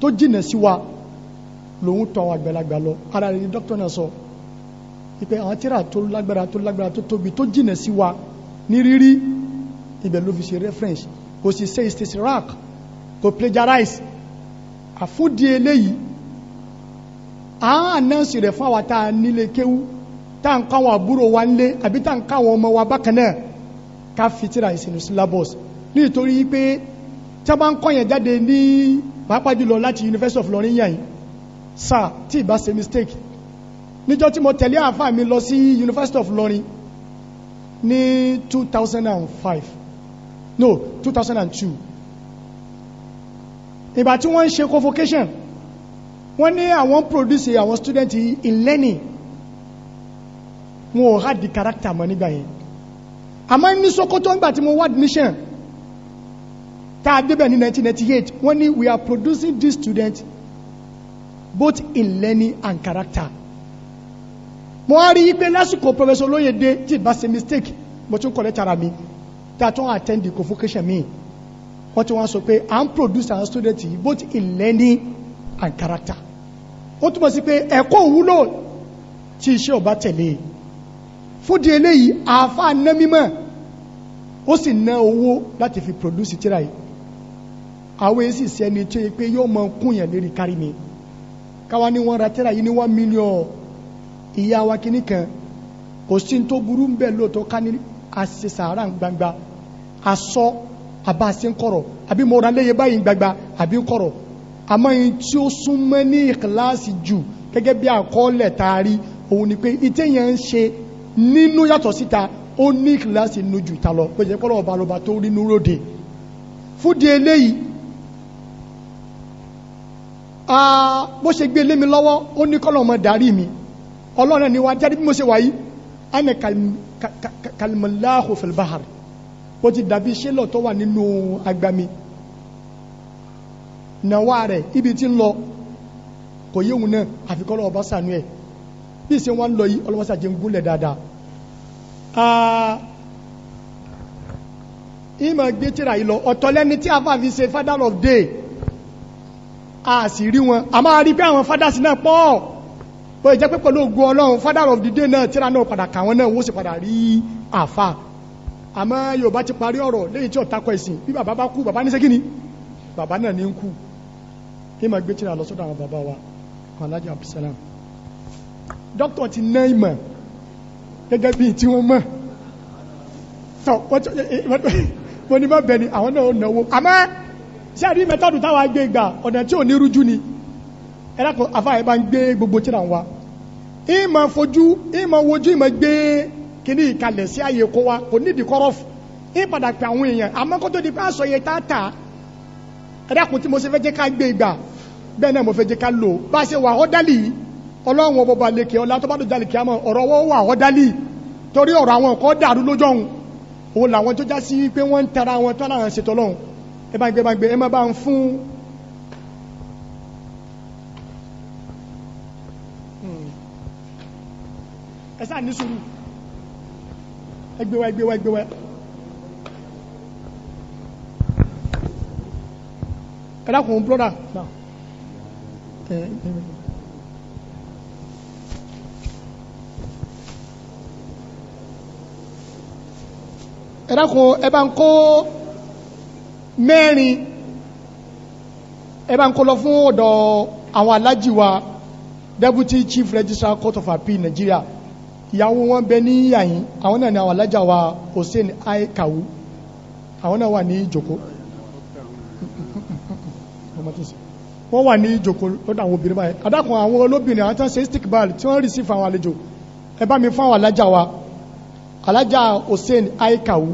tó jìnà sí wa lòun tọ àwọn àgbàlagbà lọ ara rẹ̀ ni dókítà náà sọ wípé àwọn tíra tó lágbára tó lágbára tó tóbi tó jìnà sí wa ní rírí ibẹ̀ ló fi ṣe reference kò sì ṣe istisrak kò plagiarize àfúdí eléyìí à ń ànáǹsì rẹ̀ fún àwa nílé kéwú tá àbúrò wa ń lé àbí tá à ń káwọn ọmọ wa bákan náà ká fi tíra ìsinú syllabus nítorí pé tí a bá ń kọ́ yẹn jáde ní pàápàá jùlọ láti University of London yàn yìí sir tí ì bá mistake níjọ́ tí mo tẹ̀lé àáfàá mi lọ sí University of London ní 2005 no 2002 ìgbà tí wọ́n ń ṣe convocation wọ́n ní àwọn produce àwọn student in learning wọn ò hard the character mọ́ nígbà yẹn àmọ́ ní Sokoto nígbà tí mo wá admission tá débẹ̀ ní 1998 wọ́n ní we are producing these students both in learning and character mo wá rí i pé lásìkò professor Olóyèdé tí ì bá ṣe mistake mo tún collect ara mi tá tún attend the convocation mi wọ́n ti wá sọ pé à ń produce our students both in learning and character ó túnmọ̀ sí pé ẹ̀kọ́ òwúlò tí iṣẹ́ ọba tẹ̀lé fúdi eléyìí àáfà ná mímọ̀ ó sì ná owó láti fi produce tíra yìí àwọn èsì sí ẹni tó yẹ pé yóò mọ kúnyàn lérí kárí ni káwa ní wọ́n ra tíra yìí ní one million ìyá wa kìíní kan mo ra léye báyìí gbangba àbí ń àmọ́ yìí tí ó súnmọ́ ní ìkìláàsì jù gẹ́gẹ́ bí àkọọ́lẹ̀ taari òun ni pé ìtẹ̀yàn ń ṣe nínú yàtọ̀ síta ó ní ìkìláàsì inú jù ta lọ pé jẹ́ pọ́lọ́ ọba lọba tó rí núròde fúdi eléyìí bó ṣe gbé lémi lọ́wọ́ ó ní kọ́lọ̀ ọmọ darí mi ọlọ́run ni wá jáde bí mo ṣe wà yìí ana kalmalahu fil bó ti dàbí ṣẹlọ tó wà nínú agbami nàwa rẹ̀ ibi tí ń lọ kò yíwu náà àfikọ́lọ̀ ọba sànú ẹ̀ bí i ṣe wọ́n lọ yìí ọlọ́wọ́sà jẹ́ ń gúnlẹ̀ dáadáa ìmọ̀ gbé tíra yìí lọ tí a fà fi ṣe father of day a sì rí wọn a máa rí pé àwọn fathers náà pọ̀ bó ìjẹ́ pé pẹ̀lú ògùn ọlọ́run father of the day náà tíra náà padà kà wọ́n náà wọ́n sì padà rí àfà àmọ́ Yorùbá ti parí ọ̀rọ̀ lẹ́yìn tí ó takò ẹ̀sìn bí bàbá bá kú bàbá ní ṣe kíni bàbá náà ní ń kú kí n máa gbé tíra lọ sọ́dọ̀ àwọn bàbá wa kan alájà abdulsalam dókítà ti ná ìmọ̀ gẹ́gẹ́ bíi tí wọ́n mọ̀ tọ́ wọ́n ní bá bẹ̀ ni àwọn náà ó náwó àmọ́ sí àrí mẹ́tọ́dù táwa gbé gbà ọ̀nà tí ò ní rújú ni ẹ̀rákùn afáyẹ̀ bá ń gbé gbogbo tíra wa ìmọ̀ fojú ìmọ̀ wojú ìmọ̀ gbé kíní ìkalẹ̀ sí àyè kó wa kò nídìí kọ́rọ́fù ìpadà pé àwọn èèyàn àmọ́ di pé àsọyẹ tá ẹ̀dàkùn tí mo ṣe fẹ́ jẹ́ ká gbé ìgbà bẹ́ẹ̀ náà mo fẹ́ jẹ́ ká lò bá ṣe wà ọ́dálì ọlọ́run ọbọba lèkè ọlá tó bá dọ̀jà lèkè àmọ́ ọ̀rọ̀ wọ́n wà ọ́dálì torí ọ̀rọ̀ àwọn nǹkan dàrú lójọ́hun òun làwọn tó já sí pé wọ́n ń tara wọn tó láwọn ṣètò ọlọ́run ẹ bá ń gbé bá ń gbé ẹ má bá ń fún hmm. ẹ sáà ní sùúrù ẹgbẹ́wẹ́ ẹgbẹ́wẹ́ ẹgbẹ́wẹ́ ẹ dákun brọ́dà náà. ẹ dákun ẹ bá ń kó mẹ́rin ẹ bá ń kó lọ fún ọ̀dọ̀ àwọn alájì wa deputy chief registrar court of appeal Nigeria ìyàwó wọn bẹ ní yàyín àwọn náà ni àwọn alájà wa Hussein aikawu àwọn náà wà ní ìjòkó mọ́tòsí wọ́n wà ní ìjòkó lọ́dọ̀ obìnrin báyìí adákùn àwọn olóbìnrin àwọn tán ṣe istikbal tí wọ́n rí sí fún àwọn àlejò ẹ bá mi fún àwọn alájà wa alájà Hussein aikawu